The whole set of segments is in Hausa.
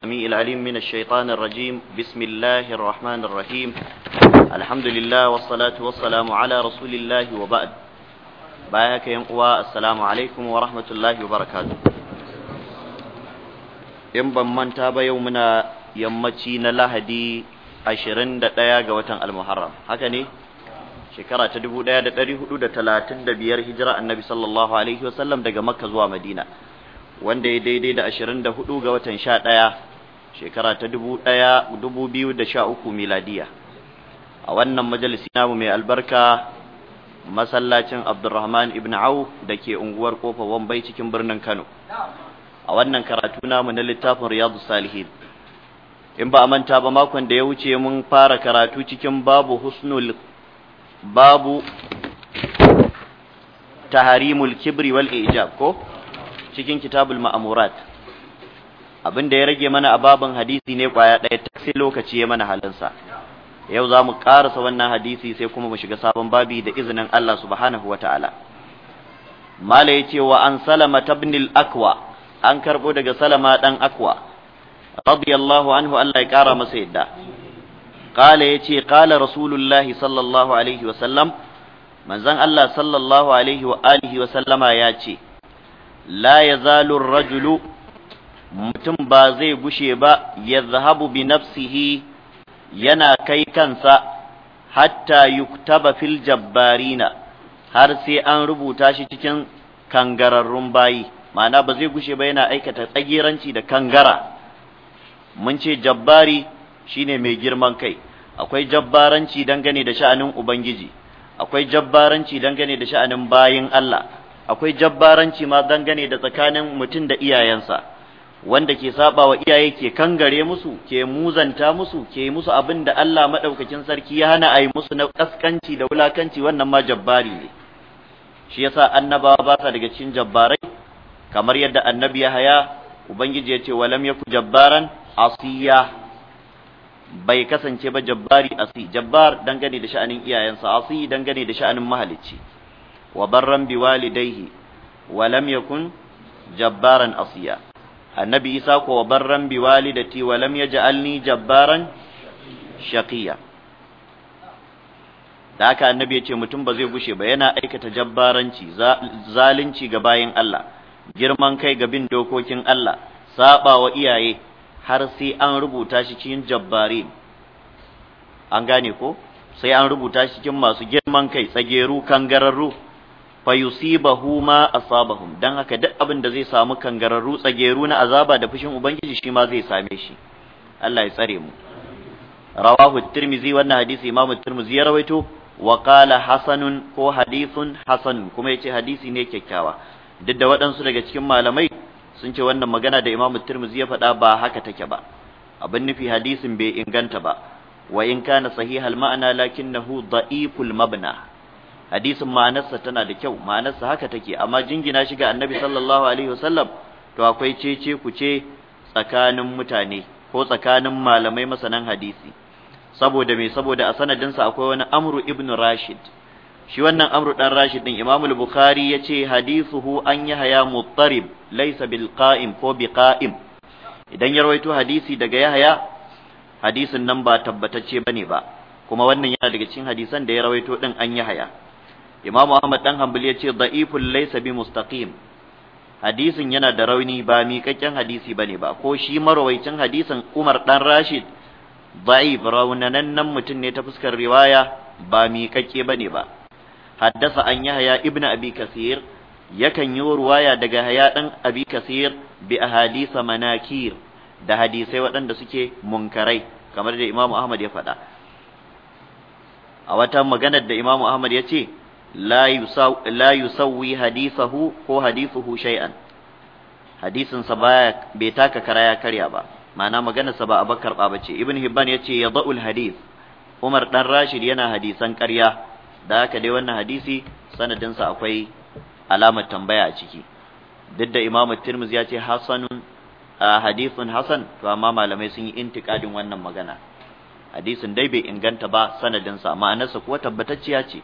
السميع العليم من الشيطان الرجيم بسم الله الرحمن الرحيم الحمد لله والصلاة والسلام على رسول الله وبعد بايك ينقوى السلام عليكم ورحمة الله وبركاته ينبا من تاب يومنا يمتين لهدي عشرين دقيقة وتن المحرم هكذا shekara ta 1435 hijira annabi sallallahu alaihi wasallam daga makka zuwa madina wanda ya daidai da 24 ga watan 11 shekara ta da uku, miladiya a wannan majalisi namu mai albarka masallacin Abdulrahman ibn au da ke unguwar Kofa Wambai cikin birnin Kano a wannan karatu namu na littafin Riyadu Salihin in ba a manta ba makon da ya wuce mun fara karatu cikin babu husnul babu taharimul kibri wal ijab ko cikin kitabul ma'amurat abin da ya rage mana a babin hadisi ne kwaya ɗaya ta sai lokaci ya mana halinsa yau za mu ƙarasa wannan hadisi sai kuma mu shiga sabon babi da izinin Allah subhanahu wa ta'ala mala ya ce wa an salama tabnil akwa an karɓo daga salama ɗan akwa radiyallahu anhu Allah ya ƙara masa yadda ƙala ya ce ƙala rasulullahi sallallahu alaihi wa sallam manzon Allah sallallahu alaihi wa alihi wa sallama ya ce la yazalu rajulu mutum ba zai gushe ba ya zahabu bi nafsihi yana kai kansa hatta yuktaba fil jabbarina har sai an rubuta shi cikin kangararrun bayi ma'ana ba zai gushe ba yana aikata tsagiranci da kangara mun ce jabbari shine mai girman kai akwai jabbaranci dangane da sha'anin ubangiji akwai jabbaranci dangane da sha'anin bayin Allah akwai jabbaranci ma dangane da tsakanin mutum da iyayensa wanda ke saba wa iyaye ke kangare musu ke muzanta musu ke musu abin da Allah madaukakin sarki ya hana ayi musu na kaskanci da wulakanci wannan ma jabbari ne shi yasa annabawa ba sa daga cikin jabbarai kamar yadda annabi ya haya ubangiji ya ce walam yaku jabbaran asiya bai kasance ba jabbari asi jabbar dangane da sha'anin iyayensa asi dangane da sha'anin mahalicci wa barran biwalidaihi walidaihi yakun jabbaran asiya annabi isa ko wa barran bi walidati wa lam yaj'alni jabbaran shaqiya da haka annabi ya ce mutum ba zai gushe ba yana aikata jabbaranci zalunci ga bayin Allah girman kai ga bin dokokin Allah saba wa iyaye har sai an rubuta shi cikin jabbarin an gane ko sai an rubuta shi cikin masu girman kai tsageru kangararru fa yusibahu ma asabahum dan haka duk abin da zai samu kangararru tsageru na azaba da fushin ubangiji shi ma zai same shi Allah ya tsare mu rawahu tirmizi wannan hadisi imamu tirmizi ya rawaito wa qala hasanun ko hadithun hasan kuma yace hadisi ne kyakkyawa duk da waɗansu daga cikin malamai sun ce wannan magana da imamu tirmizi ya faɗa ba haka take ba abin nufi hadisin bai inganta ba wa in kana sahihal ma'ana lakinnahu da'iful mabna hadisin ma'anarsa tana da kyau ma'anarsa haka take amma jingina shi ga annabi sallallahu alaihi wasallam to akwai cece ku ce tsakanin mutane ko tsakanin malamai masanan hadisi saboda me saboda a sanadinsa akwai wani amru ibn rashid shi wannan amru dan rashid din imamu bukhari yace hadithuhu an yahaya muttarib laysa bil qa'im ko bi qa'im idan ya rawaito hadisi daga yahaya, hadisin nan ba tabbatacce bane ba kuma wannan yana daga cikin hadisan da ya rawaito din an yahaya. Imam ahmad dan hanbali yace da'iful laysa bi mustaqim hadisin yana da rauni ba miƙaƙƙen hadisi bane ba ko shi marawaicin hadisin Umar dan Rashid da'if nan mutum ne ta fuskar riwaya ba miƙaƙƙe bane ba haddasa an yahya ibnu abi kasir yakan yi ruwaya daga haya dan abi kasir bi ahadisa manakir da hadisai waɗanda suke munkarai kamar da Imam Ahmad ya faɗa a wata maganar da Imam Ahmad ya ce la yusawwi hadithahu ko hadithuhu shay'an hadisinsa baya bai taka kara ya karya ba ma'ana maganarsa ba a bakar ba bace ibn hibban yace ya da'ul hadith umar dan rashid yana hadisan karya da haka dai wannan hadisi sanadinsa akwai alamar tambaya a ciki duk da imamu tirmizi ya ce hasanun hadithun hasan to amma malamai sun yi intikadin wannan magana hadisin dai bai inganta ba sanadinsa ma'anarsa kuwa tabbatacciya ce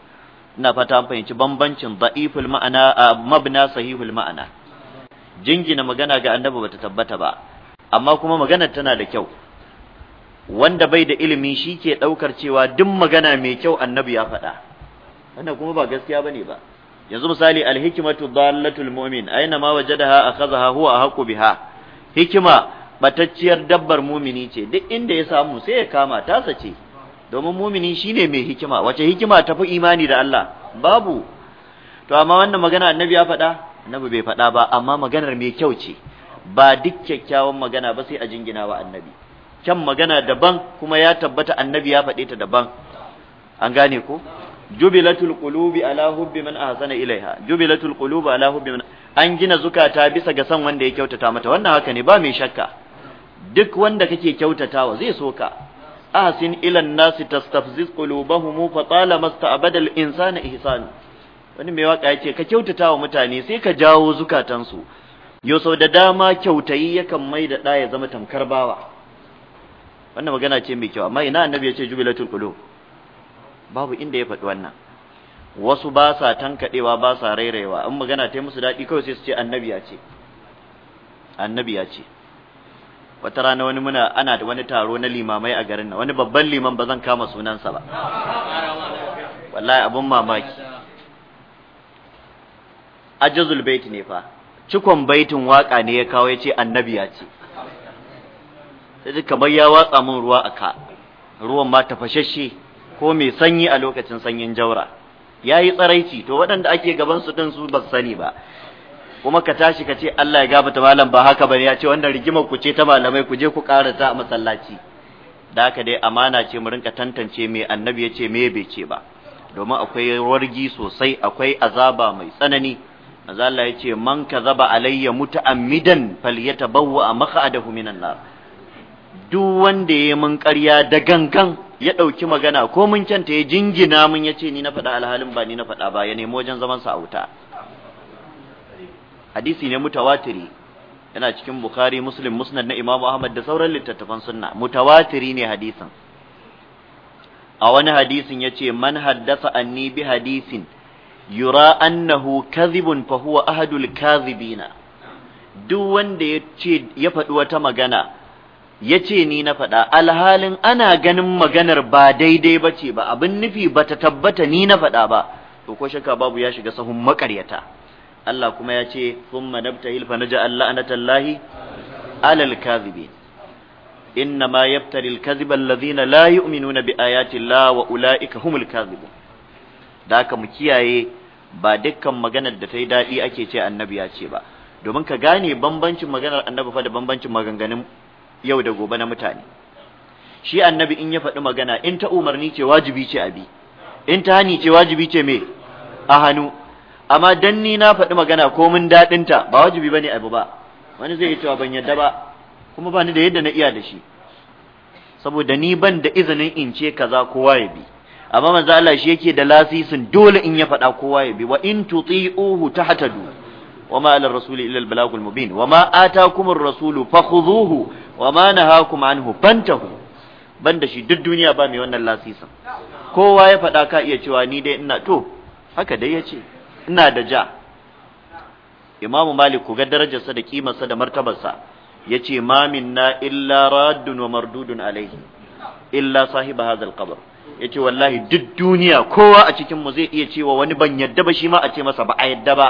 ina fata fahimci bambancin da'iful ma'ana a mabna sahihul ma'ana jingina magana ga annabi bata tabbata ba amma kuma maganar tana da kyau wanda bai da ilimi shi ke ɗaukar cewa duk magana mai kyau annabi ya faɗa wannan kuma ba gaskiya bane ba yanzu misali alhikmatu dallatul mu'min aina ma wajadaha akhadha huwa ahqu biha hikima batacciyar dabbar mumini ce duk inda ya samu sai ya kama ta sace. domin mumini shine mai hikima wace hikima tafi imani da Allah babu to amma wannan magana annabi ya faɗa annabi bai faɗa ba amma maganar mai kyau ce ba duk kyakkyawan magana ba sai a jingina wa annabi kyan magana daban kuma ya tabbata annabi ya faɗe ta daban an gane ko jubilatul qulubi ala hubbi man ahsana ilaiha jubilatul qulubi ala hubbi man an gina zukata bisa ga san wanda ya kyautata mata wannan haka ne ba mai shakka duk wanda kake kyautatawa zai soka. ahsin ila an-nas tastafziz qulubahum fa talama sta'bada al-insana ihsan wani mai waka yace ka kyautata wa mutane sai ka jawo zukatansu yau sau da dama kyautayi yakan mai da ɗa ya zama tamkar bawa wannan magana ce mai kyau amma ina annabi ya ce jubilatul qulub babu inda ya faɗi wannan wasu ba sa tankaɗewa ba sa rairayewa in magana ta yi musu daɗi kawai sai su ce annabi ya ce annabi ya ce wata rana wani muna ana da wani taro na limamai a garin nan wani babban liman ba zan kama sunansa ba wallahi abun mamaki ajazul bait ne fa cikon baitin waka ne ya kawo ya ce ya ce sai kamar ya watsa min ruwa a ka ruwan ma tafashashe ko mai sanyi a lokacin sanyin jaura yayi tsaraici to waɗanda ake gaban su din su ba sani ba kuma ka tashi ka ce Allah ya gafarta malam ba haka bane ya ce wannan rigimar ku ce ta malamai ku je ku karata a masallaci da haka dai amana ce mu rinka tantance me annabi ya ce me bai ce ba domin akwai wargi sosai akwai azaba mai tsanani manzo Allah ya ce man kazaba alayya muta'ammidan falyatabawwa maq'adahu minan nar duk wanda ya mun ƙarya da gangan ya ɗauki magana ko mun canta ya jingina mun ya ce ni na faɗa alhalin ba ni na faɗa ba ya nemo wajen zaman sa a wuta hadisi ne mutawatiri yana cikin bukhari muslim musnad na imamu ahmad da sauran littattafan sunna mutawatiri ne hadisin a wani hadisin yace man haddasa anni bi hadisin yura annahu Kazibun, fa huwa ahadul kadhibina duk wanda ya ce ya faɗi wata magana ya ce ni na faɗa alhalin ana ganin maganar ba daidai ba ce ba abin nufi ba ta tabbata ni na faɗa ba to ko shakka babu ya shiga sahun maƙaryata Allah kuma ya ce na ji Allah na tallahi alal kazibi, inna ma yaftari kaziban kadhiba alladhina la yu'minuna bi ayati la wa ulaika humul kazibu." da aka mu kiyaye ba dukkan maganar da ta yi daɗi ake ce annabi ya ce ba domin ka gane bambancin maganar annabi fa da bambancin maganganun yau da gobe na mutane shi annabi in ya faɗi magana in ta umarni ce wajibi ce abi in ta hani ce wajibi ce me a hannu amma dan ni na faɗi magana ko mun daɗin ta ba wajibi bane abu ba wani zai yi cewa ban yadda ba kuma ba ni da yadda na iya da shi saboda ni ban da izinin in ce kaza kowa ya bi amma manzo Allah shi yake da lasisin dole in ya faɗa kowa ya bi wa in tuti'uhu tahtadu wa ma ala rasuli illa al balagul mubin wa ma atakum ar rasulu fakhudhuhu wa ma nahakum anhu fantahu banda shi duk duniya ba mai wannan lasisin kowa ya faɗa ka iya cewa ni dai ina to haka dai yace ina da ja imamu malik ku ga darajarsa da kimarsa da martabarsa ya ce ma illa raddun wa mardudun alaihi illa sahiba hazal qabr ya ce wallahi duk duniya kowa a cikinmu zai iya cewa wani ban yadda ba shi ma a ce masa ba a yadda ba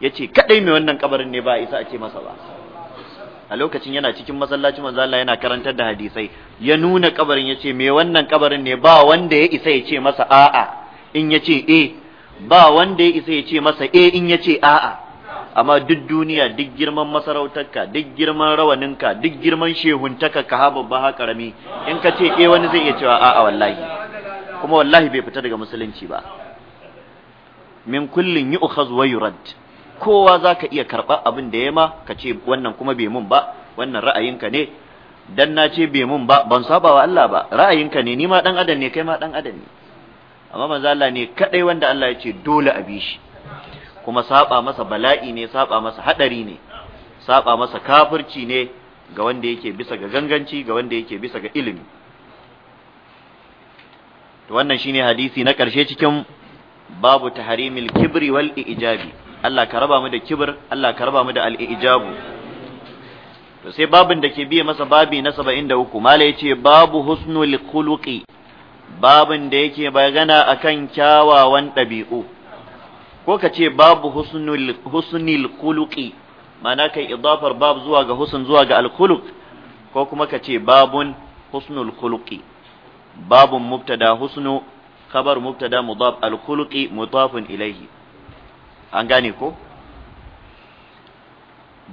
ya ce kaɗai mai wannan kabarin ne ba a isa a ce masa ba a lokacin yana cikin masallacin manzo Allah yana karantar da hadisai ya nuna kabarin ya ce mai wannan kabarin ne ba wanda ya isa ya ce masa a'a in ya ce eh ba wanda ya isa ya ce masa 'E, in ya ce a'a amma duk duniya duk girman masarautarka duk girman rawaninka duk girman shehuntaka ka haɓa ba ha karami in ka ce eh wani zai iya cewa a'a wallahi kuma wallahi bai fita daga musulunci ba min kullin yu'khaz wa yurad kowa zaka iya karba abin da yema ka ce wannan kuma bai mun ba wannan ra'ayinka ne dan na ce bai mun ba ban saba wa Allah ba ra'ayinka ne ni ma dan adam ne kai ma dan adam ne amma manzo Allah ne kadai wanda Allah ya ce dole a bi shi kuma saba masa bala'i ne saba masa hadari ne saba masa kafirci ne ga wanda yake bisa ga ganganci ga wanda yake bisa ga ilimi to wannan shine hadisi na karshe cikin babu tahrimil kibri wal ijabi Allah ka raba mu da kibir Allah ka raba mu da al-ijabu to sai babin da ke biye masa babi na 73 mala yace babu husnul khuluqi babin da yake magana akan kyawawan ɗabi'u ko ka ce babu husnul kuluki mana kai idafar bab zuwa ga husn zuwa ga alkuluk ko kuma ka ce babun husnul kuluki babun mubtada husnu khabar mubtada mudaf alkuluki mudafun ilaihi an gane ko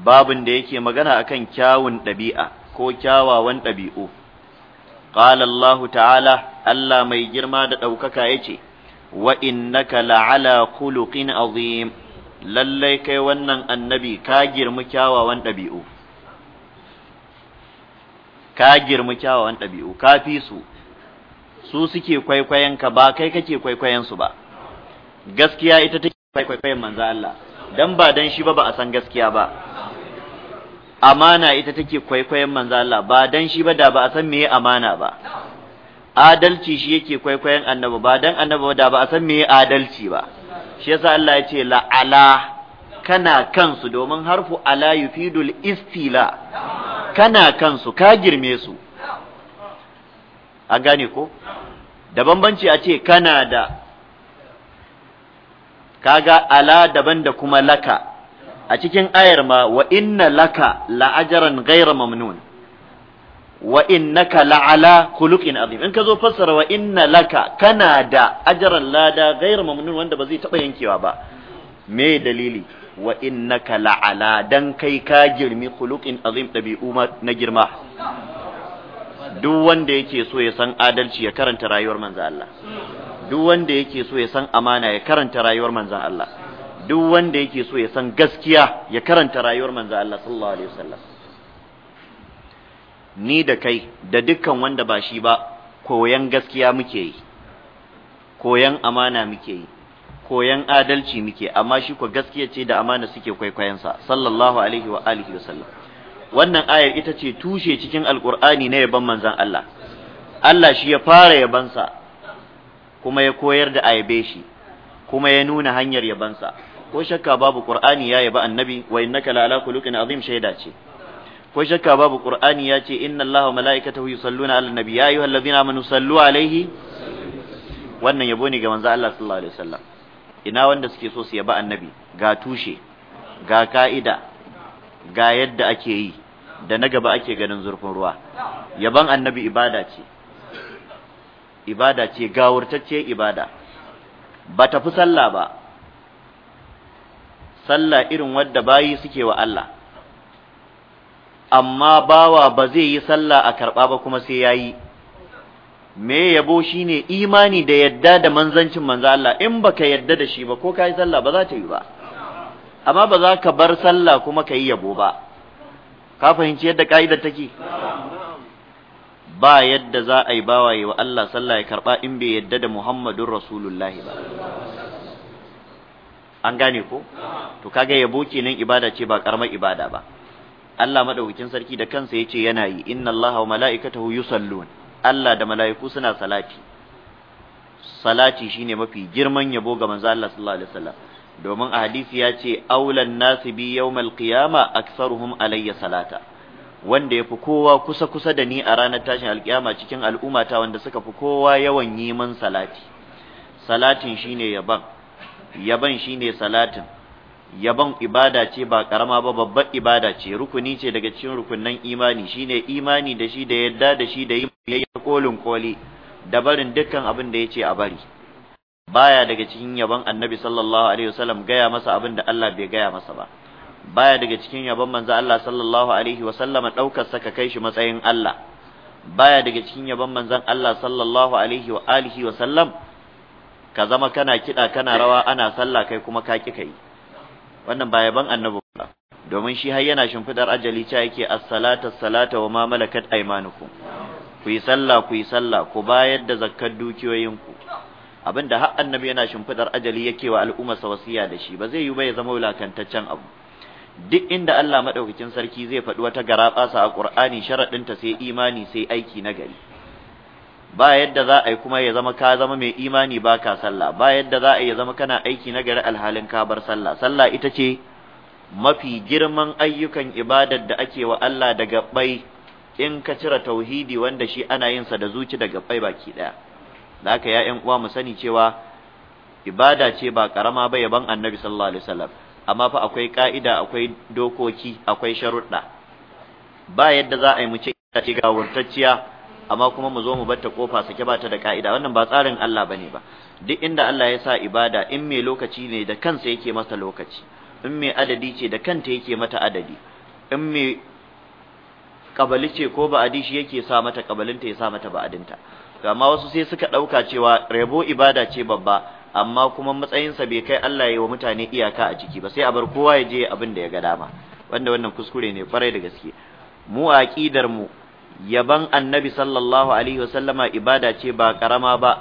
babin da yake magana akan kyawun ɗabi'a ko kyawawan ɗabi'u قال الله تعالى ألا ميجرما دأوكك يتي وإنك لعلى خلق عظيم lallai kai wannan annabi ka girmi kyawawan ɗabi'u ka girmi kyawawan ɗabi'u ka fi su su suke kwaikwayonka ba kai kake su ba gaskiya ita take kwaikwayon manzo Allah dan ba dan shi ba ba a san gaskiya ba amana ita take kwaikwayon manzo Allah ba dan shi ba da ba a san meye amana ba adalci shi yake kwaikwayon annabi ba dan annabi da ba a san meye adalci ba shi yasa Allah ya ce la'ala kana kansu domin harfu ala yufidul istila kana kansu ka girme su A gane ko da bambanci a ce kana da kaga ala daban da kuma laka a cikin ayar ma wa inna laka la'ajaran ghayra mamnun wa innaka la'ala khuluqin azim in ka zo fassara wa inna laka kana da ajaran lada ghayra mamnun wanda ba zai taba yankewa ba me dalili wa innaka la'ala dan kai ka girmi khuluqin azim dabi'u na girma duk wanda yake so ya san adalci ya karanta rayuwar manzon Allah duk wanda yake so ya san amana ya karanta rayuwar manzon Allah duk wanda yake so ya san gaskiya ya karanta rayuwar manzo Allah sallallahu alaihi wasallam ni da kai da dukkan wanda ba shi ba koyan gaskiya muke yi koyan amana muke yi koyan adalci muke amma shi ko gaskiya ce da amana suke sa sallallahu alaihi wa alihi wasallam wannan ayar ita ce tushe cikin alqur'ani na yaban manzon Allah Allah shi ya fara yabansa kuma ya koyar da ayabe shi kuma ya nuna hanyar yabansa ko shakka babu qur'ani ya yaba annabi wa innaka la ala khuluqin azim shaida ce ko shakka babu qur'ani ya ce inna allaha wa malaikatahu yusalluna ala nabi ya ayyuhal ladzina amanu sallu alaihi wannan yabo ne ga manzo Allah sallallahu alaihi wasallam ina wanda suke so su yaba annabi ga tushe ga ka'ida ga yadda ake yi da na gaba ake ganin zurfin ruwa yaban annabi ibada ce ibada ce gawurtacce ibada ba ta fi sallah ba sallah irin wadda bayi suke wa Allah amma bawa ba zai yi sallah a karɓa ba kuma sai ya yi me yabo shine imani da yadda da manzancin manzo Allah in baka yadda da shi ba ko ka yi sallah ba za ta yi ba amma ba za ka bar sallah kuma ka yabo ba ka fahimci yadda ka'idar take ba yadda za a yi bawaye wa Allah sallah ya karɓa in bai yadda da Muhammadun Rasulullahi ba an gane ko to kaga yabo kenan ibada ce ba karamar ibada ba Allah madaukakin sarki da kansa yace yana yi inna Allaha wa mala'ikatahu yusallun Allah da mala'iku suna salati salati shine mafi girman yabo ga manzo Allah sallallahu alaihi wasallam domin a hadisi ya ce aulan nasi bi yawmal qiyama aktsaruhum alayya salata wanda yafi kowa kusa kusa da ni a ranar tashin alkiyama cikin al'ummata wanda suka fi kowa yawan yiman salati salatin shine yaban yaban shi ne salatin yaban ibada ce ba karama ba babbar ibada ce rukuni ce daga cikin rukunnan imani Shi ne imani da shi da yadda da shi da yi kolin koli da barin dukkan abin da ce a bari baya daga cikin yaban annabi sallallahu alaihi wasallam gaya masa abin da Allah bai gaya masa ba baya daga cikin yaban manzo Allah sallallahu alaihi wasallam daukar saka kai shi matsayin Allah baya daga cikin yaban manzon Allah sallallahu alaihi wa alihi wasallam ka zama kana kiɗa kana rawa ana sallah kai kuma ka ki kai wannan ba yaban annabi ba domin shi har yana shimfidar ajali cha yake as salatu as salatu wa ma malakat aymanukum ku yi sallah ku yi sallah ku bayar da zakkar dukiyoyinku abinda har annabi yana shimfidar ajali yake wa al'umma wasiya da shi ba zai yi ba ya zama wulakantaccen abu duk inda Allah madaukakin sarki zai faɗi wata garaɓasa a Qur'ani sharaɗinta sai imani sai aiki na gari ba yadda za a yi kuma ya zama ka zama mai imani ba ka sallah ba yadda za a yi ya zama kana aiki na gari alhalin ka bar sallah sallah ita ce mafi girman ayyukan ibadar da ake wa Allah daga bai in ka cire tauhidi wanda shi ana yin sa da zuci daga bai baki daya da haka ya ƴan uwa mu sani cewa ibada ce ba karama ba yaban annabi sallallahu alaihi wasallam amma fa akwai ka'ida akwai dokoki akwai sharuɗa ba yadda za a yi mu ce ga wurtacciya amma kuma mu zo mu ta kofa sake ba ta da ka'ida wannan ba tsarin Allah bane ba duk inda Allah ya sa ibada in mai lokaci ne da kansa yake masa lokaci in mai adadi ce da kanta yake mata adadi in mai kabali ce ko ba adishi yake sa mata kabalinta ya sa mata ba'adinta to amma wasu sai suka dauka cewa rabo ibada ce babba amma kuma matsayinsa bai kai Allah ya yi wa mutane iyaka a ciki ba sai a bar kowa ya je abin da ya ga dama wanda wannan kuskure ne kwarai da gaske mu a aqidar mu yaban annabi sallallahu alaihi wasallama ibada ce ba karama ba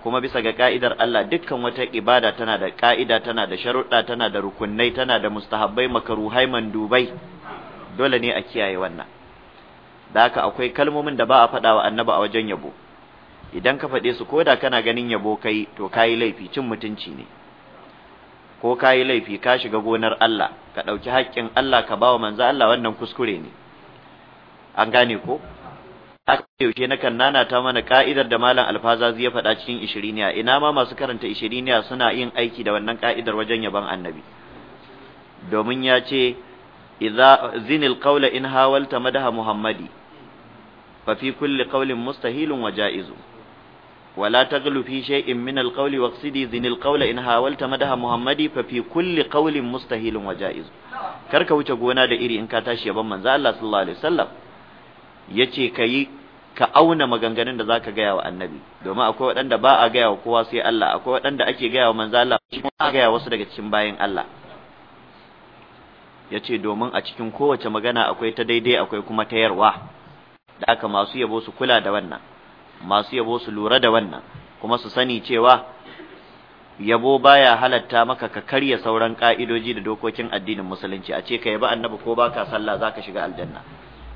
kuma bisa ga ka'idar Allah dukkan wata ibada tana da ka'ida tana da sharuɗa tana da rukunnai tana da mustahabbai makaruhai mandubai dole ne a kiyaye wannan da haka akwai kalmomin da ba a faɗa wa annabi a wajen yabo idan ka faɗe su koda kana ganin yabo kai to kayi laifi cin mutunci ne ko kayi laifi ka shiga gonar Allah ka ɗauki haƙƙin Allah ka bawa manzo Allah wannan kuskure ne an gane ko a yaushe na kan ta mana ka'idar da malam alfazazi ya faɗa cikin ishiriniya ina ma masu karanta ishiriniya suna yin aiki da wannan ka'idar wajen yaban annabi domin ya ce idza zinil qawla in hawalta madaha muhammadi fa fi kulli qawlin mustahilun wa ja'izu ولا تغلو في شيء من القول واقصدي ذن القول madaha هاولت مدها محمدي ففي كل قول مستحيل وجائز karka wuce gona da iri in ka tashi yaban manzo Allah sallallahu alaihi wasallam yace kai ka auna maganganun da zaka gaya wa annabi domin akwai waɗanda ba a gaya wa kowa sai Allah akwai waɗanda ake gaya wa manzo Allah kuma a gaya wasu daga cikin bayin Allah yace domin a cikin kowace magana akwai ta daidai akwai kuma ta yarwa da aka masu yabo su kula da wannan masu yabo su lura da wannan kuma su sani cewa yabo baya halatta maka ka karya sauran ka'idoji da dokokin addinin musulunci a ce ka yaba annabi ko baka sallah zaka shiga aljanna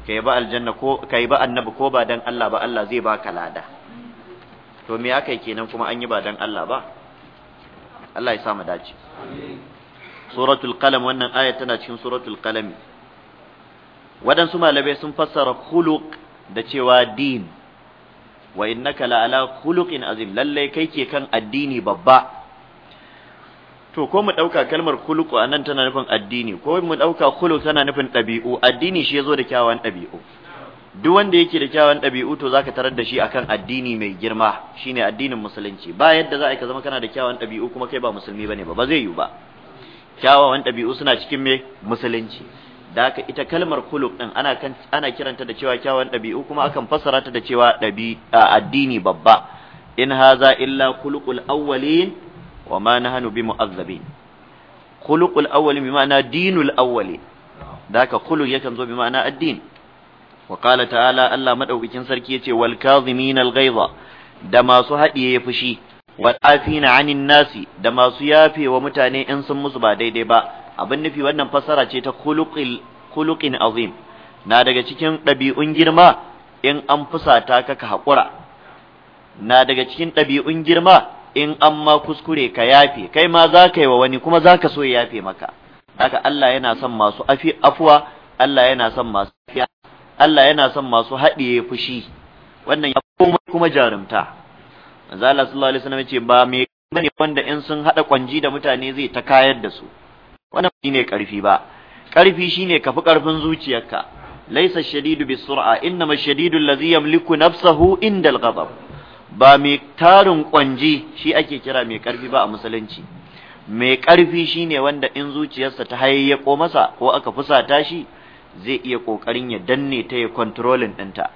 kai ba aljanna ko kai ba annabi ko ba dan Allah ba Allah zai baka lada to me aka yi kenan kuma an yi ba dan Allah ba Allah ya sa mu dace suratul qalam wannan aya tana cikin suratul qalam wadansu malamai sun fassara khuluq da cewa din wa innaka la ala khuluqin azim lalle kai ke kan addini babba to ko mu ɗauka kalmar khuluqu a nan tana nufin addini ko mu ɗauka kulu tana nufin ɗabi'u addini shi ya zo da kyawawan ɗabi'u duk wanda yake da kyawawan ɗabi'u to zaka tarar da shi akan addini mai girma shine addinin musulunci ba yadda za a yi ka zama kana da kyawawan ɗabi'u kuma kai ba musulmi bane ba ba zai yiwu ba kyawawan ɗabi'u suna cikin me musulunci da haka ita kalmar kuluk din ana kan ana kiranta da cewa kyawawan ɗabi'u kuma akan fassara ta da cewa ɗabi addini babba in haza illa khuluqul awwalin wa ma nahnu bimu'azzabin khuluqul awwal bi ma'ana dinul awwal daka khuluq yakan zo bi ma'ana addini wa qala ta'ala Allah madaukakin sarki yace wal kazimin al da masu haɗiye fushi wal afina hanin nasi da masu yafe wa mutane in sun musu ba daidai ba abin nufi wannan fassara ce ta khuluqil khuluqin azim na daga cikin ɗabi'un girma in an fusata ka ka haƙura na daga cikin ɗabi'un girma in an ma kuskure ka yafe kai ma za ka yi wa wani kuma za ka so yafe maka haka Allah yana son masu afuwa Allah yana son masu afiya Allah yana son masu haɗiye fushi wannan ya komai kuma jarumta manzo Allah sallallahu alaihi wasallam ce ba me bane wanda in sun hada kwanji da mutane zai ta kayar da su wannan shine karfi ba karfi shine kafi karfin zuciyarka laysa shadidu bisur'a innama shadidu allazi yamliku nafsahu inda ba mai tarin kwanji shi ake kira mai karfi ba a musulunci mai karfi ne wanda in zuciyarsa ta hayayyako masa ko aka fusata shi zai iya kokarin ya danne ta ya kontrolin ɗinta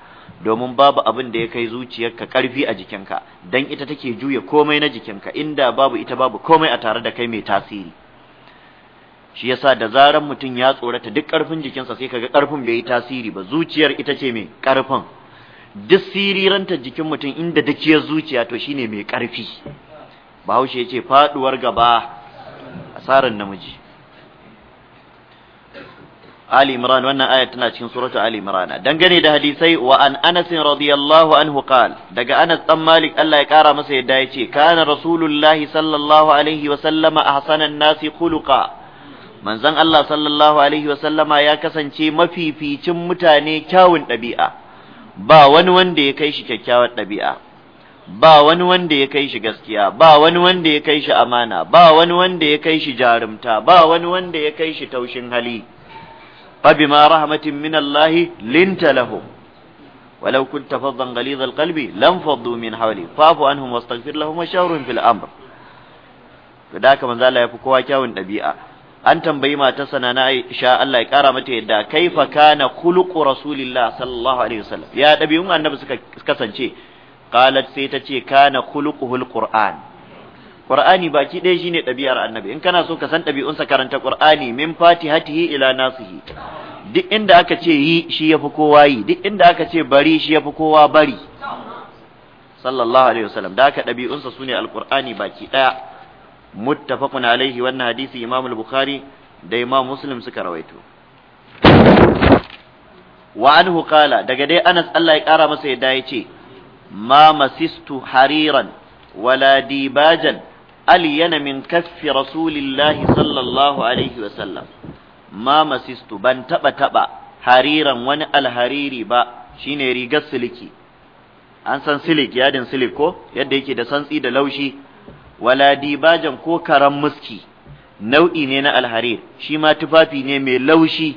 domin babu abin da ya kai zuciyarka karfi a jikinka dan ita take juya komai na jikinka inda babu ita babu komai a tare da kai mai tasiri shi yasa da zaran mutum ya tsorata duk ƙarfin jikinsa sai kaga karfin bai yi tasiri ba zuciyar ita ce mai karfin duk siriranta jikin mutum inda dake zuciya to shine mai ƙarfi bahaushe ya ce faɗuwar gaba asaran namiji Ali Imran wannan ayat tana cikin suratul Ali Imran dangane da hadisai wa an Anas radiyallahu anhu qal daga Anas dan Malik Allah ya kara masa yadda yace kana rasulullahi sallallahu alaihi wa sallama ahsanan nasi khuluqa manzon Allah sallallahu alaihi wa sallama ya kasance mafificin mutane kyawun ɗabi'a ba wani wanda ya kai shi kyakkyawar ɗabi'a ba wani wanda ya kai shi gaskiya ba wani wanda ya kai shi amana ba wani wanda ya kai shi jarumta ba wani wanda ya kai shi taushin hali fa bima rahmatin min Allah linta lahum walau kunta faddan ghalid alqalbi lam faddu min hawli fa'fu anhum wastaghfir lahum wa shawrun fil amr to da manzo Allah ya fi kowa kyawun ɗabi'a an tambayi matarsa na Aisha Allah ya kara mata yadda kaifa kana khuluqu rasulillah sallallahu alaihi wasallam ya dabi'un annabi suka kasance qalat sai ta ce kana khuluquhul qur'an qur'ani baki ɗaya shine ɗabi'ar annabi in kana so ka san ɗabi'unsa karanta qur'ani min fatihatihi ila nasihi duk inda aka ce yi shi yafi kowa yi duk inda aka ce bari shi yafi kowa bari sallallahu alaihi wasallam da haka ɗabi'unsa sune alqur'ani baki ɗaya muttafaqun alaihi wannan hadisi imam al-bukhari da imam muslim suka rawaito wa anhu qala daga dai Anas Allah ya kara masa yadda yace ma masistu hariran wala dibajan aliyana min kaffi rasulillahi sallallahu alaihi wa sallam ma masistu ban taba taba hariran wani alhariri ba shine rigar siliki an san silik yadin silik ko yadda yake da santsi da laushi wala dibajan ko karan muski nau'i ne na alharir shi ma tufafi ne mai laushi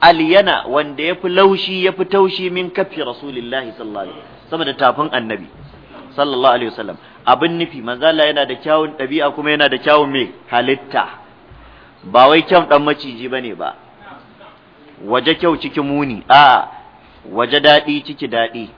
alyana wanda ya fi laushi ya fi taushi min kafi rasulillahi sallallahu alaihi saboda tafin annabi sallallahu alaihi wasallam abin nufi manzala yana da kyawun ɗabi'a kuma yana da kyawun mai halitta ba wai kyau dan maciji bane ba waje kyau ciki muni a waje daɗi ciki daɗi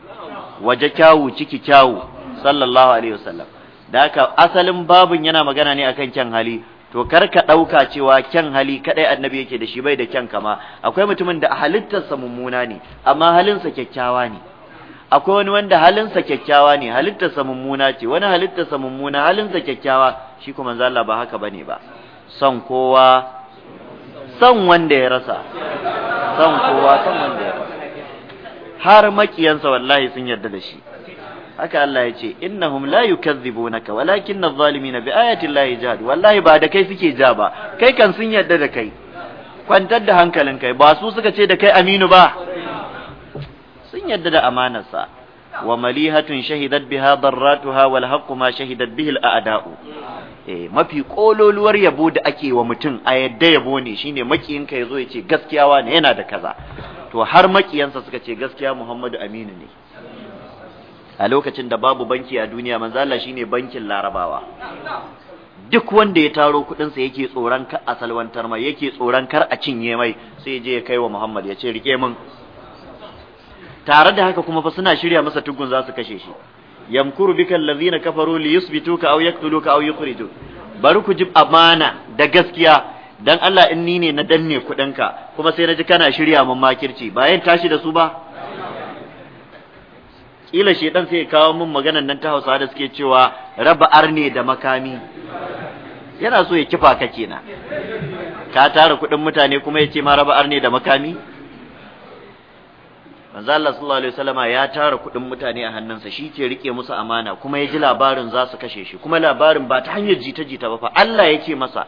waje kyawu ciki kyawu sallallahu alaihi wasallam da haka asalin babun yana magana ne akan kyan hali to kar ka ɗauka cewa kyan hali kaɗai annabi yake da shi bai da kyan kama akwai mutumin da halittarsa mummuna ne amma halinsa kyakkyawa ne akwai wani wanda halinsa kyakkyawa ne halittarsa mummuna ce wani halittarsa mummuna halinsa kyakkyawa shi kuma manzo Allah ba haka bane ba son kowa son wanda ya rasa son kowa son wanda ya rasa har makiyansa wallahi sun yarda da shi haka Allah ya ce innahum la yukazzibunaka walakinna adh-dhalimina bi ayati llahi jahad wallahi ba da kai suke ja ba kai kan sun yarda da kai kwantar da hankalin kai ba su suka ce da kai aminu ba sun yarda da amanarsa wa malihatun shahidat biha darratuha wal haqqu ma shahidat bihi al a'da'u eh mafi kololuwar yabo da ake wa mutum a yadda yabo ne shine makiyin ka yazo ya ce gaskiya ne yana da kaza to har makiyansa suka ce gaskiya Muhammadu Aminu ne a lokacin da babu banki a duniya manzo Allah shine bankin larabawa duk wanda ya taro kuɗinsa yake tsoron kar a salwantar mai yake tsoron kar a cinye mai sai je ya kai wa Muhammad ya ce rike min tare da haka kuma fa suna shirya masa tugun za su kashe shi yamkuru bika allazina kafaru li yusbituka aw yaqtuluka aw yukhriju bari ku ji amana da gaskiya dan Allah in ni ne na danne kuɗinka kuma sai na ji kana shirya mun makirci bayan tashi da su ba kila shedan sai ya kawo min maganan nan ta Hausa da suke cewa raba arne da makami yana so ya kifa ka kenan ka tara kuɗin mutane kuma ya ce ma raba arne da makami manzo Allah sallallahu alaihi wasallama ya tara kuɗin mutane a hannunsa shi ke rike musu amana kuma ya ji labarin za su kashe shi kuma labarin ba ta hanyar jita jita ba fa Allah ya ce masa